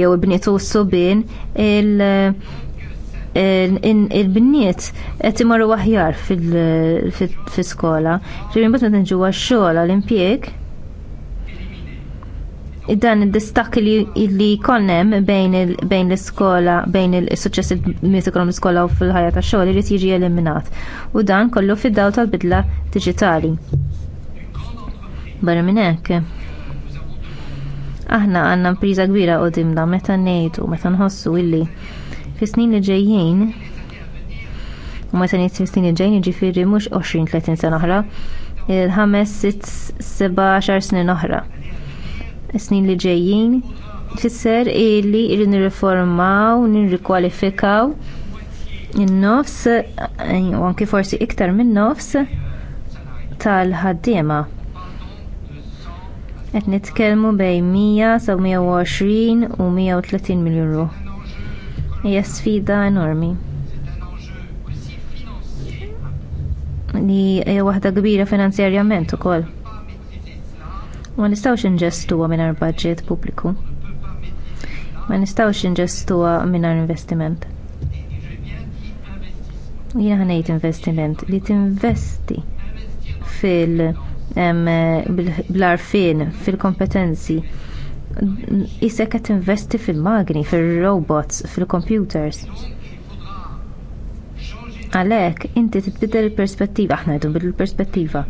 jew il-bniet u s sobin il bniet qed imorru aħjar fil-skola. Ġirin meta nġuwa x xogħol għall-impjeg dan id-distak li konnem bejn l-iskola, bejn il-suċess mizikrom l-iskola u fil-ħajja ta' xogħol irid jiġi eliminat. U dan kollu fid-daw tal-bidla digitali. Barra minn hekk. Aħna għandna impriża kbira qudimna meta ngħidu meta nħossu illi fis-snin li ġejjin u meta ngħid fis-snin li ġejjin jiġifieri mhux 20-30 sena oħra, il-ħames, sitt, seba' xar snin oħra snin li ġejjin 'fisser illi irrid nirriformaw, nirrikwalifikaw in-nofs eh, u anki forsi iktar minn nofs tal-ħaddiema. Qed nitkellmu bejn 100 sa 120 u 130 miljun ruħ. Hija sfida enormi. Li hija waħda kbira finanzjarjament ukoll ma nistgħux inġestuha mingħajr budget pubbliku. Ma nistgħux inġestuha mingħajr investiment. Jina ħanajt investiment li tinvesti fil- bl-arfin, fil-kompetenzi. Isek qed investi fil-magni, fil-robots, fil-computers. Għalhekk inti titbidel il-perspettiva, ħna id bidlu il perspettiva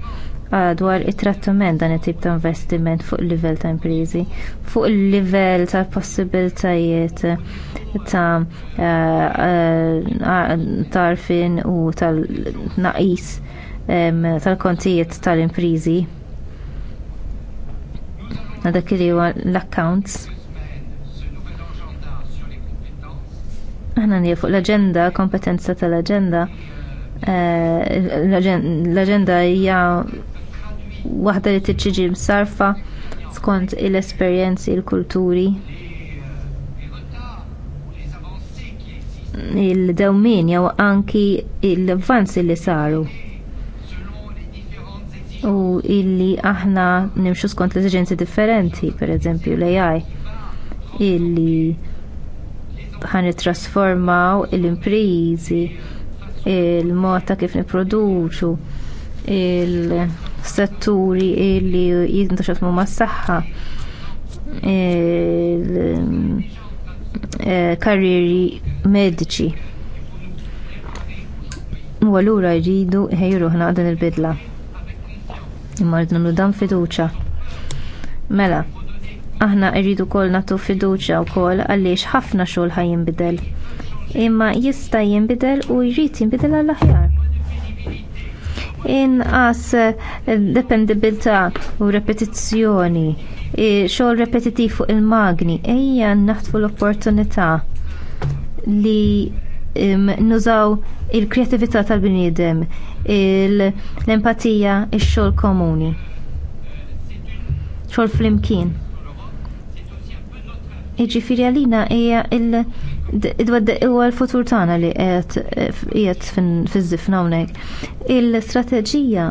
Ah, dwar it-trattament dan it-tip ta' investiment fuq il-livell ta' imprizi, fuq il-livell ta' possibiltajiet ta' ah, ah, tarfin u tal-naqis tal-kontijiet tal-imprizi. Dak li huwa l-accounts. Aħna fuq l-aġenda, kompetenza tal-aġenda, eh, l-aġenda hija waħda li tiġi msarfa skont l-esperjenzi l-kulturi il-dewmien jew anki l-avvanzi li saru u illi aħna nimxu skont l-eżigenzi differenti, pereżempju l-AI, illi ħan trasformaw l-imprizi, il-mod ta' kif niproduċu, il- Setturi li jintuxasmu mas saxħa eh, karriri mediċi. U allura jridu ħna din il-bidla. Imma rridu dan fiduċja. Mela, aħna kol wkoll nagħtu fiduċja wkoll għaliex ħafna xogħol ħajinbidel. Imma jista' jinbidel u jrid jinbidel għall ħjar inqas dependibilità u repetizzjoni, xogħol repetitiv fuq il-magni, ejja naħtfu l-opportunità li nużaw il-kreativita tal-bniedem, l-empatija, ix-xogħol komuni. Xogħol flimkien. Jiġifieri għalina hija il- huwa l-futur tagħna li qed qiegħed fiż hawnhekk. Il-strateġija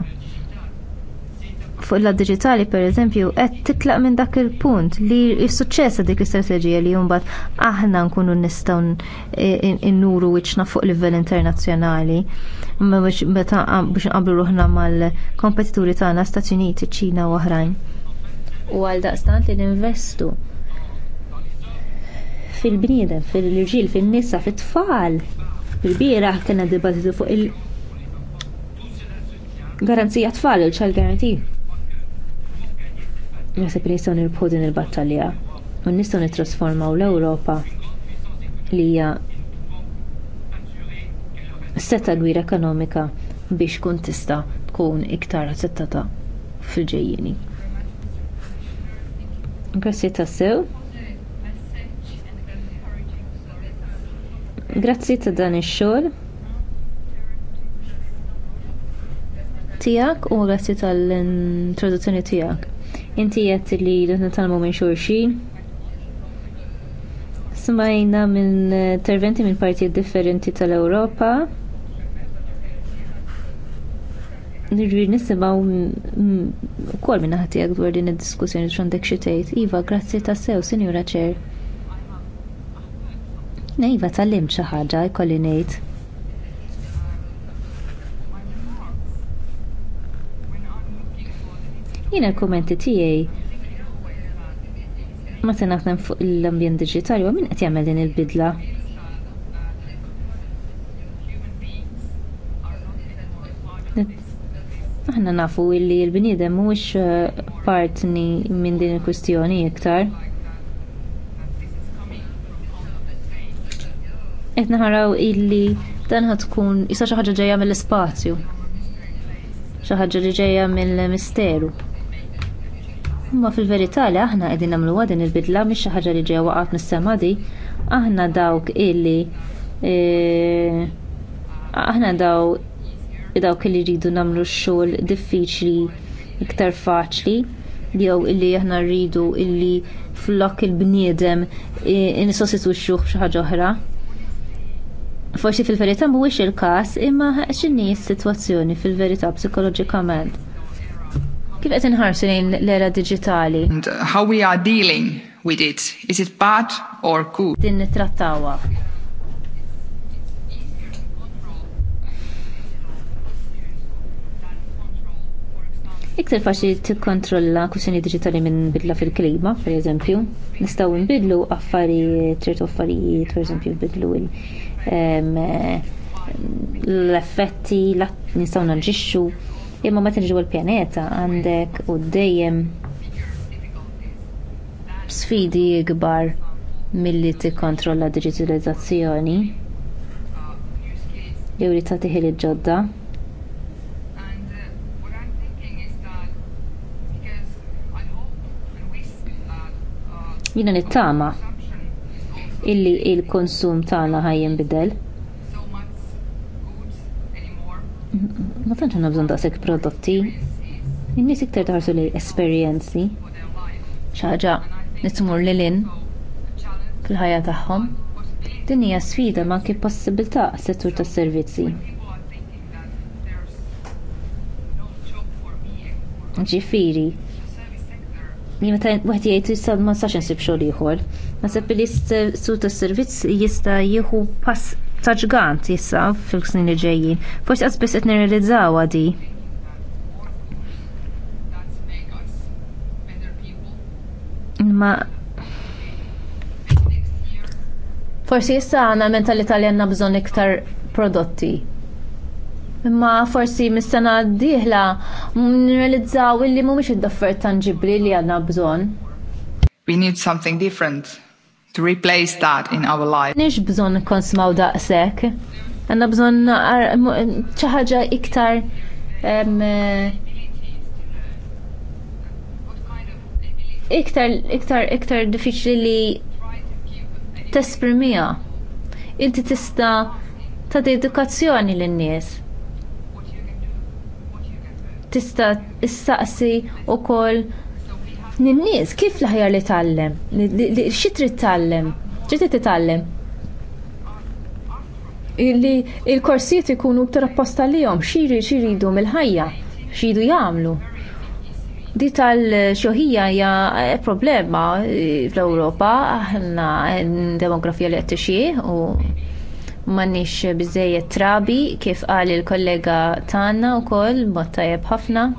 fuq il-digitali pereżempju qed titlaq minn dak il-punt li s-suċċess dik il-strategija li jumbat aħna nkunu nistgħu nuru wiċċna fuq livell internazzjonali meta biex nqablu ruħna mal-kompetituri tagħna Stati Uniti, Ċina u oħrajn. U għal daqstant li ninvestu fil-bniedem, fil irġiel fil-nisa, fil-tfal. Il-bira kena dibattitu fuq il- garanzija tfal, il ċal garanti. Nasib li nistaw nirbħu din il-battalja u nistaw nitrasformaw l-Ewropa li hija seta gwira ekonomika biex kun tista tkun iktar settata fil-ġejjini. Grazie tassew. Grazzi ta' dan ix-xogħol. tiegħek u grazzi tal-introduzzjoni tiegħek. Inti qed li nitalmu minn xulxin. Smajna minn eh, interventi minn partijiet differenti tal-Ewropa. Nirri nisimaw ukoll minn ħatijak dwar din id-diskussjoni x'għandek xi tgħid. Iva, grazzi tassew, Sinjura Ċer. Nejva tal-lim ħaġa jkolli ngħid. Jiena l-kummenti tiegħi ma se naħdem fuq l-ambjent diġitali u min qed jagħmel din il-bidla. Aħna nafu illi l-bniedem mhuwiex eh, partni minn din il-kwistjoni iktar. qed naħraw illi dan ħad tkun issa xi ħaġa ġejja mill-ispazju. Xi ħaġa li ġejja mill-misteru. Imma fil-verità li aħna qegħdin nagħmluha din il-bidla mhix xi ħaġa li ġejja waqgħet mis-sema di, aħna dawk illi e, aħna daw dawk illi rridu nagħmlu x-xogħol diffiċli iktar faċli jew illi aħna rridu illi flok il-bniedem e, insostituxxuh b'xi ħaġa oħra. Forsi fil-verità mhuwiex il-każ imma x'inhi s-sitwazzjoni fil-verità psikoloġikament. Kif qed inħarsu lejn l-era diġitali? How we are dealing with it. Is it bad or good? Din nittrattawha. Iktar faċli tikkontrolla kwistjoni diġitali minn bidla fil-klima, per eżempju. Nistgħu nbidlu affarijiet, ċertu affarijiet, per eżempju, nbidlu il- l-effetti nistgħu naġixxu imma meta niġu l-pjaneta għandek u dejjem sfidi kbar milli tikkontrolla d diġitalizzazzjoni jew li tagħti ħiliet ġodda. Jiena nittama' illi il-konsum tagħna ħajjen bidel. Ma tantx għandna bżonn daqshekk prodotti. In-nies iktar taħarsu li esperjenzi xi ħaġa nitmur lil in fil-ħajja tagħhom. Din hija sfida ma kif possibilità settur tas-servizzi. Ġifiri, li meta wieħed jgħid ma saċen insib xogħol ieħor Nasab li s-sut s servizz jista jieħu pass taġgant jissa fil-snin li ġejjin. Forsi għazbis qed nirrealizzaw għadi. Ma Forse issa għandna mentalità li għandna bżonn iktar prodotti imma forsi mis-sena d-dieħla nirrealizzaw illi mhumiex id daffer tangibli li għandna bżonn. We need something different to replace that in our life. Nix bżon konsmaw daqsek, għanna bżon ċaħġa iktar eh, iktar iktar iktar diffiċli li tesprimija. Inti tista ta' edukazzjoni l-nies. Tista issaqsi u koll nin nies kif l aħjar li tallem, xi trid tallem, trid titallem. Illi il-korsijiet ikunu ktar apposta lihom xiri xiridu mill-ħajja, xiridu jagħmlu. Di tal-xoħija hija eh, problema eh, fl-Ewropa, aħna eh, demografija li qed u m'għandniex biżejjed trabi kif qal il-kollega tagħna wkoll mod tajjeb ħafna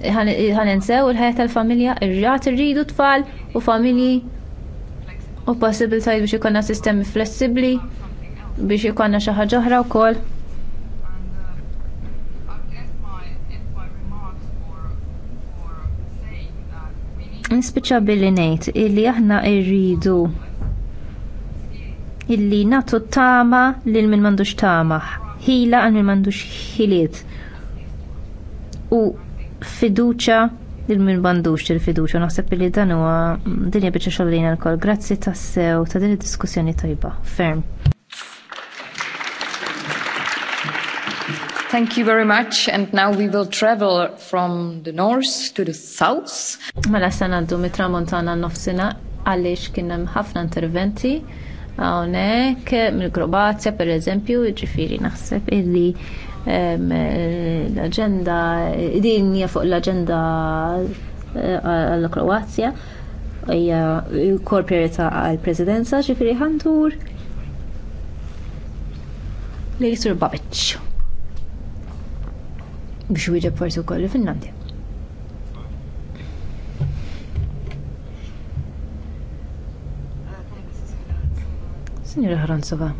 ħanensew il-ħajja tal-familja, ir-rat irridu tfal u familji u possibilitajiet biex ikonna sistemi flessibbli biex ikonna xi ħaġa oħra wkoll. Nispiċċa billi ngħid illi aħna rridu illi nagħtu tama lil min m'għandux tama, ħila għal min m'għandux ħiliet. U fiduċa il min bandux il-fiduċa naħseb li dan huwa mm, dinja biex xollina l-kol. Grazzi tassew ta' din id-diskussjoni tajba. Ferm. Thank you very much and now we will travel from the north to the south. Mela se ngħaddu mit-tramuntana nofsina għaliex kien hemm ħafna interventi hawnhekk mill-Kroazja pereżempju, jiġifieri naħseb illi l-agenda, din hija fuq l-agenda eh, għall-Kroazja, hija kol għall-Presidenza ġifieri ħantur li Babic biex wieġeb forsi wkoll Finlandja. Signora Hransova.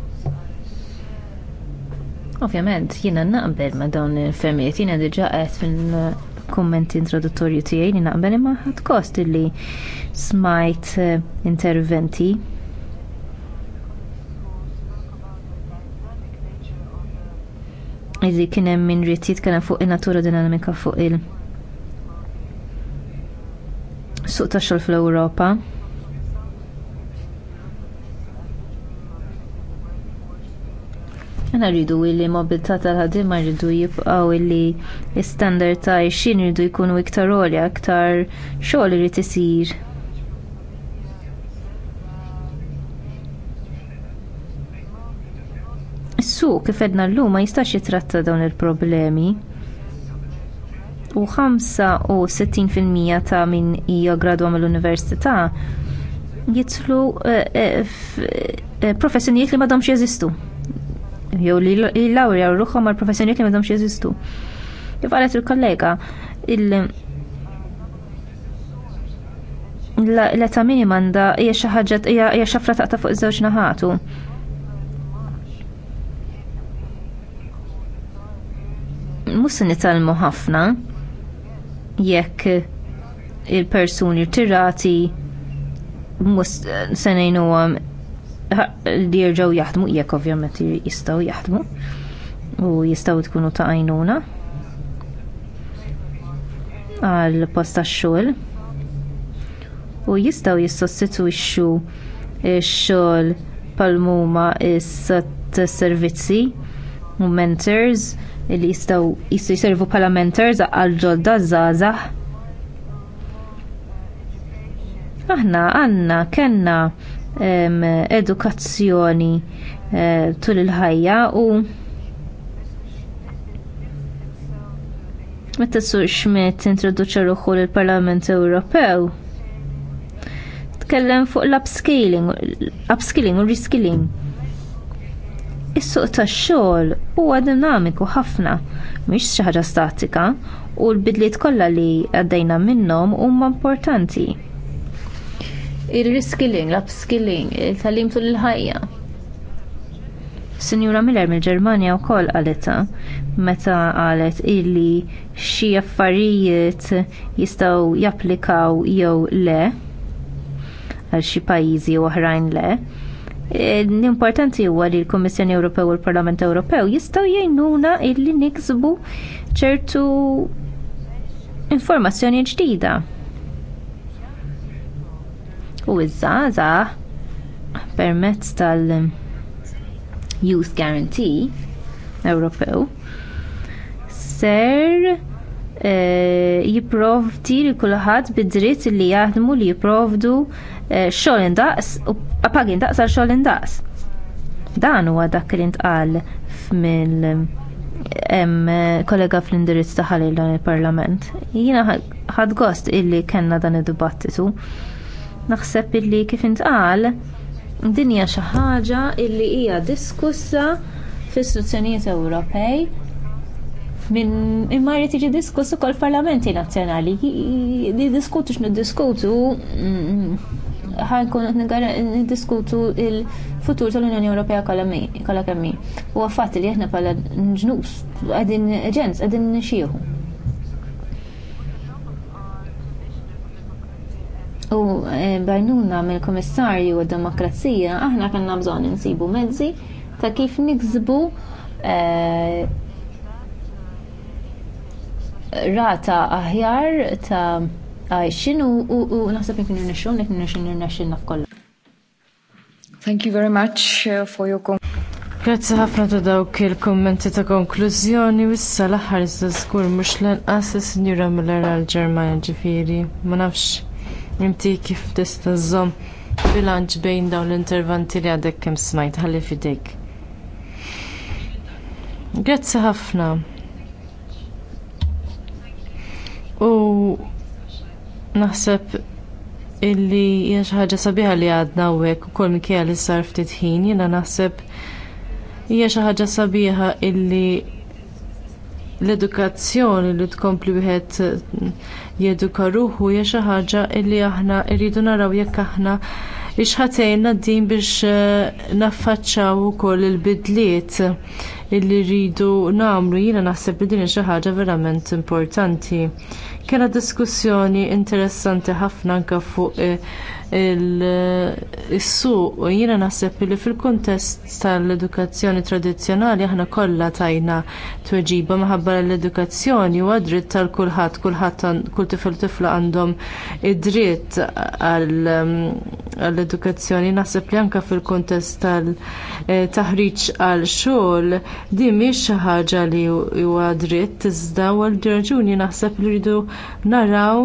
Ovvjament, jiena naqbel ma dawn il fermijiet jiena diġa qed fil komment introduttorju tijaj, li naqbel imma ħadd kost li smajt eh, interventi Iżi kienem minn min rid fuq il natura dinamika fuq il- suq tax-xogħol fl-Ewropa. Mena rridu illi mobilta tal-ħaddiema rridu jibqgħu illi l ta' xin rridu jkunu iktar għolja, iktar xogħol irid isir. Is-suq kif edna llum ma jistax jitratta dawn il-problemi. U 65% ta' min hija gradwa mill-università jitlu eh, eh, eh, professjonijiet li m'għadhomx jeżistu jew li u ruħhom għal professjonijiet li m'għandhomx jeżistu. Kif qalet il-kollega, il- l-età minimanda hija xi ħaġa hija xafra taqta fuq iż-żewġ naħatu. Mhux se nitalmu ħafna jekk il-persuni tirati mhux se ngħinuhom li jirġaw jaħdmu, jek ovvjament jistaw jaħdmu u jistaw tkunu ta' għajnuna għal posta xogħol u jistaw jissostitwixxu x-xogħol pal-muma is-sat servizzi u mentors li jistaw jistaw jiservu pala mentors għal ġodda zaza aħna għanna kenna edukazzjoni eh, tul il-ħajja u meta sur Schmidt introduċa ruħu l-Parlament Ewropew tkellem fuq l-upskilling, upskilling u reskilling. Is-suq tax-xogħol huwa dinamiku ħafna, mhix xi ħaġa statika, u l-bidliet kollha li għaddejna minnhom huma importanti il-reskilling, l-upskilling, il-talim tul il-ħajja. Sinjura Miller mill ġermanja wkoll qaleta meta qalet illi xi affarijiet jistgħu japplikaw jew le għal xi pajjiżi oħrajn le. L-importanti huwa li l-Kummissjoni Ewropew u l-Parlament Ewropew jistgħu jajnuna illi niksbu ċertu informazzjoni ġdida u iż-żgħażagħ permezz tal- Youth Guarantee Ewropew ser eh, jipprovdi li kulħadd bid-dritt li jaħdmu li jipprovdu eh, xogħol indaqs u pagin indaqs għal xogħol indaqs. Dan huwa dak li ntqal mill hemm kollega fl-indirizz taħal dan il-Parlament. Jiena ħadd gost illi kellna dan id dibattitu Naħseb illi kif intqal din hija xi ħaġa illi hija diskussa fis istituzzjonijiet Ewropej minn imma jrid tiġi diskuss ukoll parlamenti nazzjonali. Li diskutu x'niddiskutu qed niddiskutu il-futur tal-Unjoni Ewropea kollha hi. U fatt li aħna bħala nġnus qegħdin ġens qegħdin nixieħu. u eh, bajnuna mill-Komissarju għad demokrazija aħna kanna bżon insibu mezzi ta' kif nikzbu eh, rata aħjar ta' xinu u naħseb jek nirnexxu jek nixxu f'kollha. Thank you very much eh, for your comment. Grazzi ħafna ta' dawk il-kommenti ta' konklużjoni wissa l-aħħar skur żgur mhux lanqas is-Sinjura Miller għall-Ġermanja ġifieri. Ma nafx inti kif tista' żomm bilanċ bejn dawn l-intervanti li għadek kemm smajt ħalli fidejk. Grazzi ħafna. U naħseb illi hija xi ħaġa sabiħa li għadna hawnhekk ukoll minkejja li sar ftit ħin, jiena naħseb hija xi ħaġa sabiħa illi l-edukazzjoni li tkompli wieħed eh, jeduka ruħu hija xi ħaġa li aħna rridu naraw jekk aħna ixħatejna din biex eh, naffaċċaw ukoll il-bidliet illi rridu nagħmlu jiena naħseb li din xi ħaġa verament importanti. Kena diskussjoni interessanti ħafna anke fuq eh, il-suq jiena naħseb li fil-kuntest tal-edukazzjoni tradizzjonali aħna kollha tajna tweġiba minħabba l-edukazzjoni huwa dritt tal kulħadd kulħadd kull tifel tifla għandhom id-dritt għall-edukazzjoni naħseb li anke fil-kuntest tal-taħriġ eh, għal xogħol din mhix xi ħaġa li huwa dritt iżda għal raġuni naħseb li rridu naraw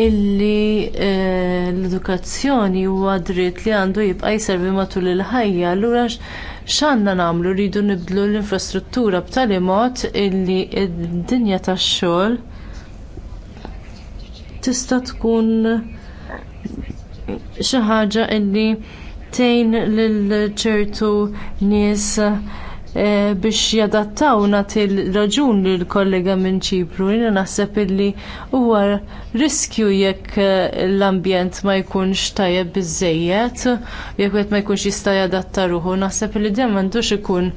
illi eh, l-edukazzjoni huwa dritt li għandu jibqa' jservi matul il-ħajja allura x'għandna nagħmlu rridu nibdlu l-infrastruttura b'tali mod illi d-dinja tax-xogħol tista' tkun xi ħaġa illi tgħin lil ċertu nies eh, biex jadattaw nagħti raġun lill kollega minn ċipru. Jina naħseb illi huwa riskju jekk eh, l-ambjent ma jkunx tajjeb biżżejjed, jekk qed ma jkunx jista' jadatta ruħu, naħseb illi dejjem m'għandux ikun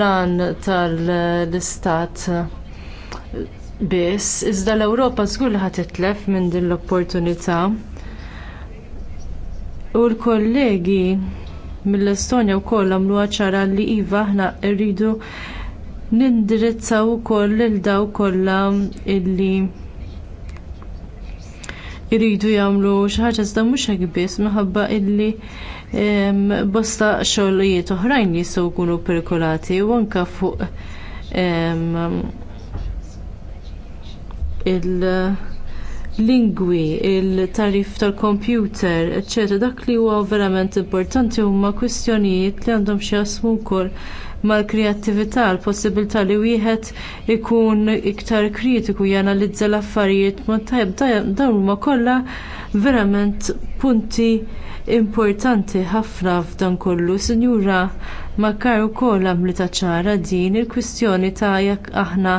lan tal-istat biss. Iżda l-Ewropa żgur ħadd titlef minn din l-opportunità. U l-kollegi mill-Estonja wkoll għamlu ċara li iva aħna rridu nindirizzaw koll lil daw kolla illi jridu jagħmlu xi ħaġa iżda mhux hekk biss minħabba illi bosta xogħlijiet oħrajn jistgħu jkunu perikolati u anka fuq il- lingwi, il-tarif tal-kompjuter, etc. Dak li huwa verament importanti huma kwistjonijiet li għandhom xi jasmu wkoll mal-kreattività, l-possibilità li wieħed ikun iktar kritiku janalizza l-affarijiet ma tajb dawn huma kollha verament punti importanti ħafna f'dan kollu. Sinjura Makkar ukoll ta' ċara din il-kwistjoni ta' jekk aħna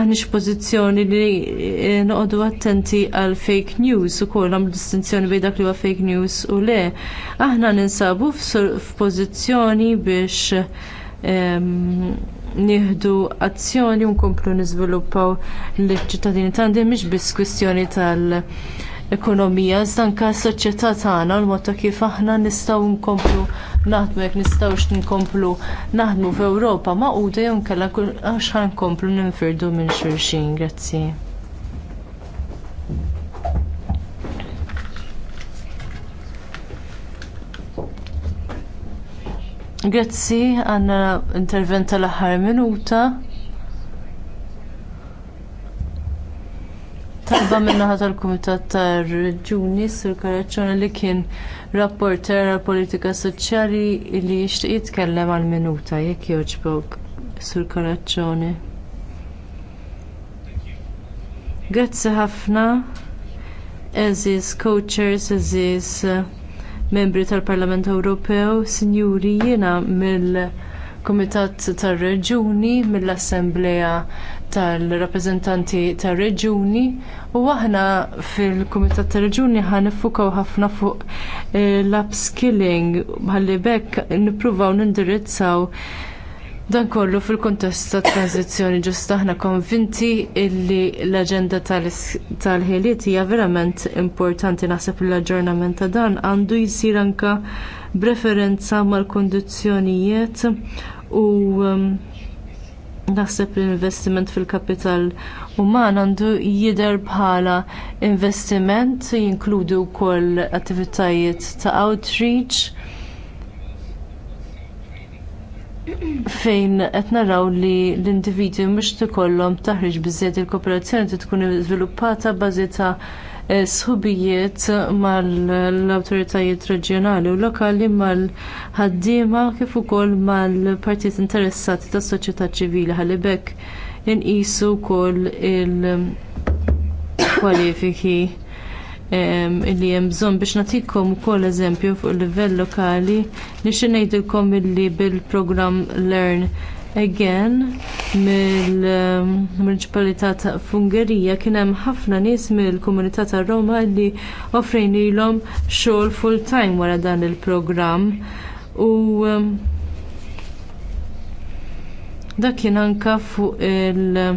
aħniex pożizzjoni li eh, noqogħdu attenti għal fake news ukoll għamlu distinzjoni bejn dak li huwa fake news u le. Aħna ninsabu f'pożizzjoni biex ehm, nieħdu azzjoni u nkomplu niżviluppaw liċ ċittadini tandi mhix biss kwistjoni tal- l-ekonomija, iżda s-soċjetà tagħna l-mod ta' kif aħna nistgħu nkomplu naħdmu jekk nistgħux nkomplu naħdmu f'Ewropa maquda jew nkella għax ħankomplu ninfirdu minn xulxin. Grazzi. Grazzi għanna intervent tal-aħħar minuta. Iva, minna minnaħat tal-Kumitat tar reġuni Sur Karazzjoni li kien rapporter għall politika soċjali li jishtiq jitkellem għal minuta jekk jogħġbok, Sur Karazzjoni. Grazzi ħafna, eżis coachers, eżis membri tal-Parlament Ewropew, sinjuri jiena mill- Kumitat tar reġuni mill-Assembleja tal-rappreżentanti tar-reġuni u aħna fil-Kumitat tar-Reġuni ħan ħafna fuq eh, l-upskilling ħalli bekk nippruvaw nindirizzaw dan kollu fil-kontest ta' tranzizzjoni ġusta aħna konvinti illi l-aġenda tal-ħiliet hija verament importanti naħseb l-aġġornament ta' dan għandu jsir anke b'referenza mal-kondizzjonijiet u ehm, naħseb l-investiment fil-kapital uman għandu jidher bħala investiment jinkludu wkoll attivitajiet ta' outreach fejn qed naraw li l-individwi mhux tikollhom taħriġ biżżejjed il-kooperazzjoni tkun iżviluppata bażi ta' Eh, sħubijiet mal-autoritajiet reġjonali u lokali mal-ħaddiema kif ukoll mal-partijiet interessati tas soċjetà ċivili ħalibek inqisu wkoll il-kwalifiki li hemm bżonn biex nagħtikom ukoll eżempju fuq il livell lokali xi ngħidilkom milli bil-programm Learn Again mill-Municipalità um, ta' Fungerija kien hemm ħafna nies mill-Komunità ta' Roma li offrejn ilhom xogħol full-time wara dan il-programm u um, dak kien anke fuq il- um,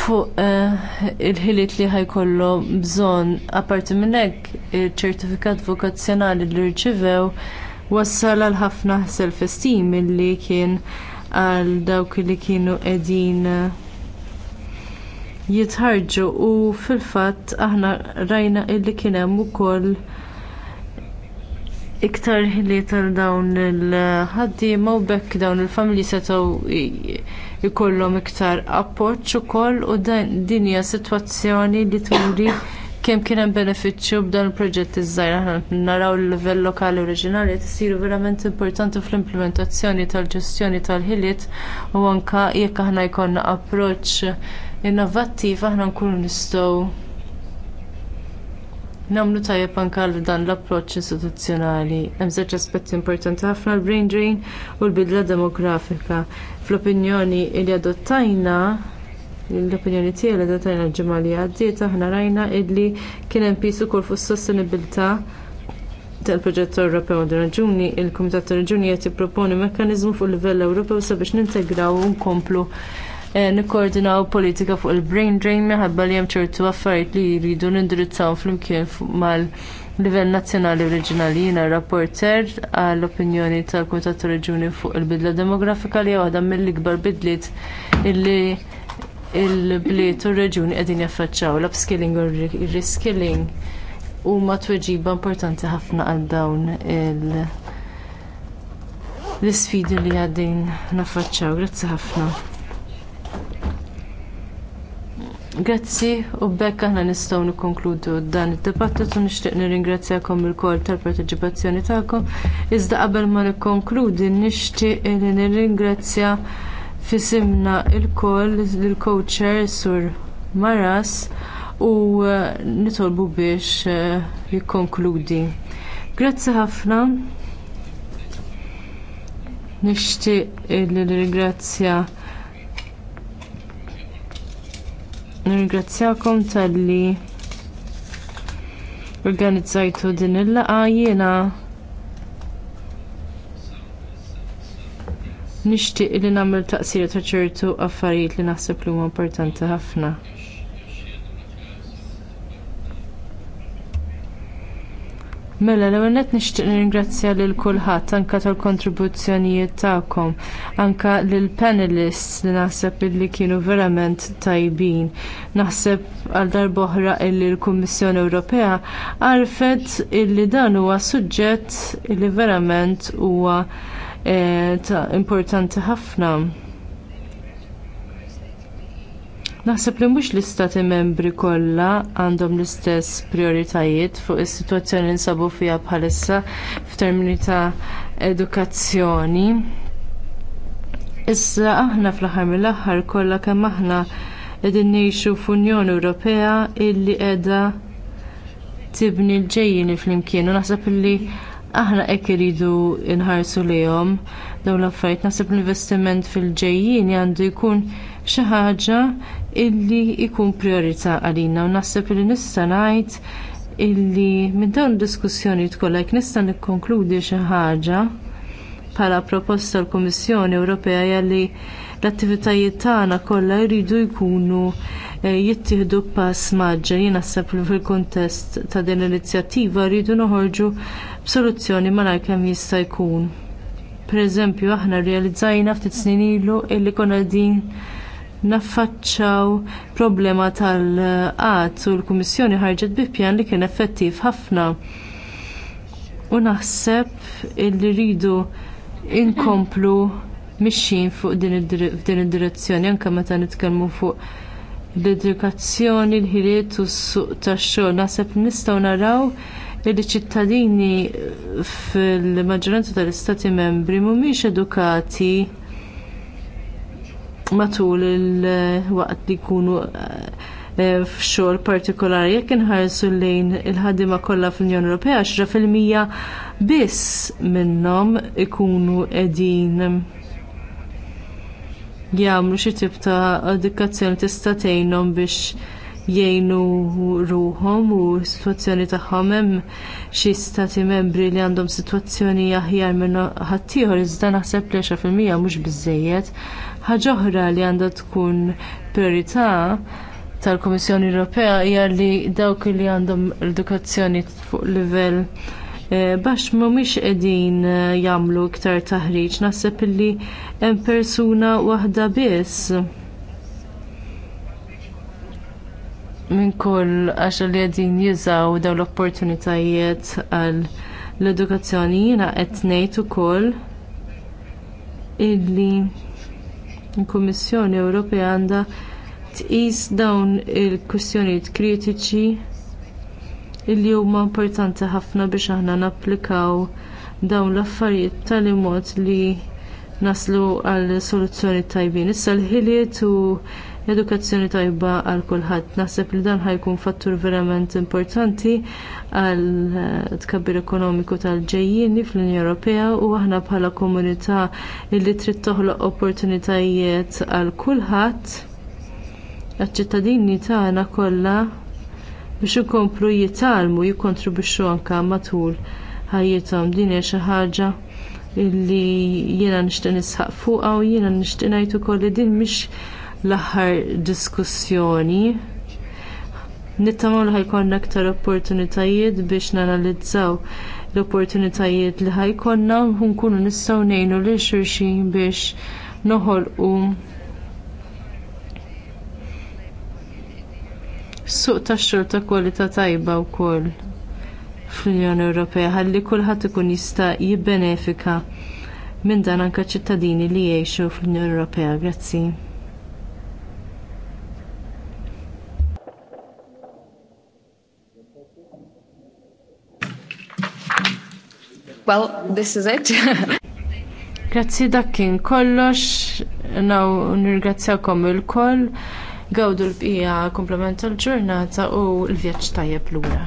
fuq uh, il-ħiliet li ħajkollu bżonn apparti minn hekk iċ ċertifikat vokazzjonali li rċivew wassal għal ħafna self-esteem illi kien għal dawk li kienu qegħdin uh, jitħarġu u fil-fatt aħna rajna illi kien hemm ukoll iktar ħiliet għal dawn il-ħaddiema u bekk dawn il-familji setgħu jkollhom iktar appoġġ ukoll u din hija sitwazzjoni li turi kemm kien hemm benefiċċju b'dan il-proġett iż-żgħir aħna naraw il-livell lokali u reġjonali qed isiru verament importanti fl-implementazzjoni tal-ġestjoni tal-ħiliet u anke jekk aħna jkollna approċċ innovattiv aħna nkunu nistgħu nagħmlu tajjeb anke għal dan l-approċċ istituzzjonali. Hemm żewġ aspetti importanti ħafna l-brain drain u l-bidla demografika. Fl-opinjoni li adottajna l-opinjoni tiegħi li datajna ġimgħa li għaddiet aħna rajna illi kien hemm pisu ukoll fuq is-sostenibilità tal-proġett Ewropew għal raġuni, il-Kumitat Raġuni qed jipproponi mekkaniżmu fuq livell Ewropew sabiex nintegraw u nkomplu eh, nikkoordinaw politika fuq il-brain drain minħabba li hemm ċertu affarijiet li jridu nindirizzaw flimkien mal- livell nazzjonali u reġjonali jiena rapporter għall opinjoni tal-Kumitat Raġuni fuq il-bidla demografika li waħda mill-ikbar bidliet illi il-bliet u r-reġuni qegħdin jaffaċċaw l-upskilling u r-reskilling huma tweġiba importanti ħafna għal dawn il- l isfidi li għaddin naffaċċaw. Grazzi ħafna. Grazzi u bekk aħna nistgħu nikkonkludu dan id u nixtieq nirringrazzjakom il-kol tal-parteċipazzjoni tagħkom. Iżda qabel ma nikkonkludi nixtieq li nirringrazzja fisimna il-koll l-coacher sur Maras u uh, nitolbu biex uh, jikkonkludi. Grazzi ħafna. Nixtieq li nirringrazzja nirringrazzjakom talli organizzajtu din il laqgħa jiena nixtieq li nagħmel taqsir ta' ċertu affarijiet li naħseb li huma importanti ħafna. Mela, l-ewwel qed nixtieq nirringrazzja lil kulħadd anke tal-kontribuzzjonijiet tagħkom, anke lill panelists li naħseb illi kienu verament tajbin. Naħseb għal darb'oħra illi l-Kummissjoni Ewropea għarfet illi dan huwa suġġett illi verament huwa Eh, ta' importanti ħafna. Naħseb li mhux l-istati membri kollha għandhom l-istess prioritajiet fuq is-sitwazzjoni li nsabu fiha bħalissa f'termini ta' edukazzjoni. Issa aħna fl-aħħar mill-aħħar kollha kemm aħna qegħdin ngħixu f'Unjoni Ewropea illi qiegħda tibni l-ġejjini flimkien u naħseb aħna hekk iridu nħarsu lejhom dawn l-affarijiet naħseb l-investiment fil-ġejjin għandu jkun xi ħaġa illi jkun priorità għalina u naħseb li nista' ngħid illi minn dawn id-diskussjoni tkollha jekk nista' nikkonkludi xi ħaġa bħala proposta l-Kummissjoni Ewropea li l-attivitajiet tagħna kollha jridu jkunu eh, jittieħdu pass maġġel. Jien naħseb li fil-kuntest ta' din l-inizjattiva rridu noħorġu b'soluzzjoni malajr kemm jista' jkun. Pereżempju aħna rrealizzajna ftit snin ilu illi konna din naffaċċaw problema tal-qatt u l-Kummissjoni ħarġet bi pjan li kien effettiv ħafna. U naħseb illi rridu inkomplu mixjin fuq din id-direzzjoni anke meta nitkellmu fuq l-edukazzjoni, l-ħiliet u s-suq tax-xogħol. Naħseb nistgħu naraw li ċittadini fil-maġġoranza tal-istati membri mhumiex edukati matul il-waqt li jkunu eh, eh, f'xogħol partikolari jekk inħarsu lejn il-ħaddiema kollha fl-Unjoni Ewropea 10 mija biss minnhom ikunu qegħdin jagħmlu xi tip ta' edukazzjoni tista' tgħinhom biex jgħinu ruhom u s-sitwazzjoni tagħhom hemm xi stati membri li għandhom sitwazzjoni aħjar minn ħaddieħor iżda naħseb li fil-mija mhux biżżejjed. Ħaġa oħra li għandha tkun priorità tal-Kummissjoni Ewropea hija li dawk li għandhom edukazzjoni fuq livell Eh, bax mhumiex qegħdin eh, jagħmlu iktar taħriġ, naħseb illi hemm persuna waħda biss. Minn kol għax li qegħdin jiżaw dawn l-opportunitajiet għal l-edukazzjoni jina qed ngħid ukoll illi l-Kummissjoni Ewropea għandha tqis dawn il-kwistjonijiet kritiċi illi huma importanti ħafna biex aħna napplikaw dawn l-affarijiet tal mod li naslu għal soluzzjoni tajbin. Issa l-ħiliet u edukazzjoni tajba għal kulħadd. Naħseb li dan ħajkun fattur verament importanti għal eh, tkabbir ekonomiku tal-ġejjini fl-Unjoni Ewropea u aħna bħala komunità li trid toħloq opportunitajiet għal kulħadd għal-ċittadini tagħna kollha biex ikomplu jitalmu jikkontribwixxu anke matul ħajjithom din hija xi ħaġa illi jiena nixtieq nisħaq fuqha u jiena nixtieq ngħid ukoll li din mhix l-aħħar diskussjoni Nittamaw li ħajkonna aktar opportunitajiet biex nanalizzaw l-opportunitajiet li ħajkonna nkunu nistgħu ngħinu lil xulxin biex noħolqu suq tax-xogħol ta' kwalità tajba wkoll fl-Unjoni Ewropea ħalli kulħadd ikun jista' jibbenefika minn dan anke ċittadini li jgħixu fl-Unjoni Ewropea. Grazzi. Well, this is it. Grazzi dakin kollox, naw nirgrazzjakom il-koll gawdu l-bqija komplementu l-ġurnata u l-vjaġġ tajjeb lura.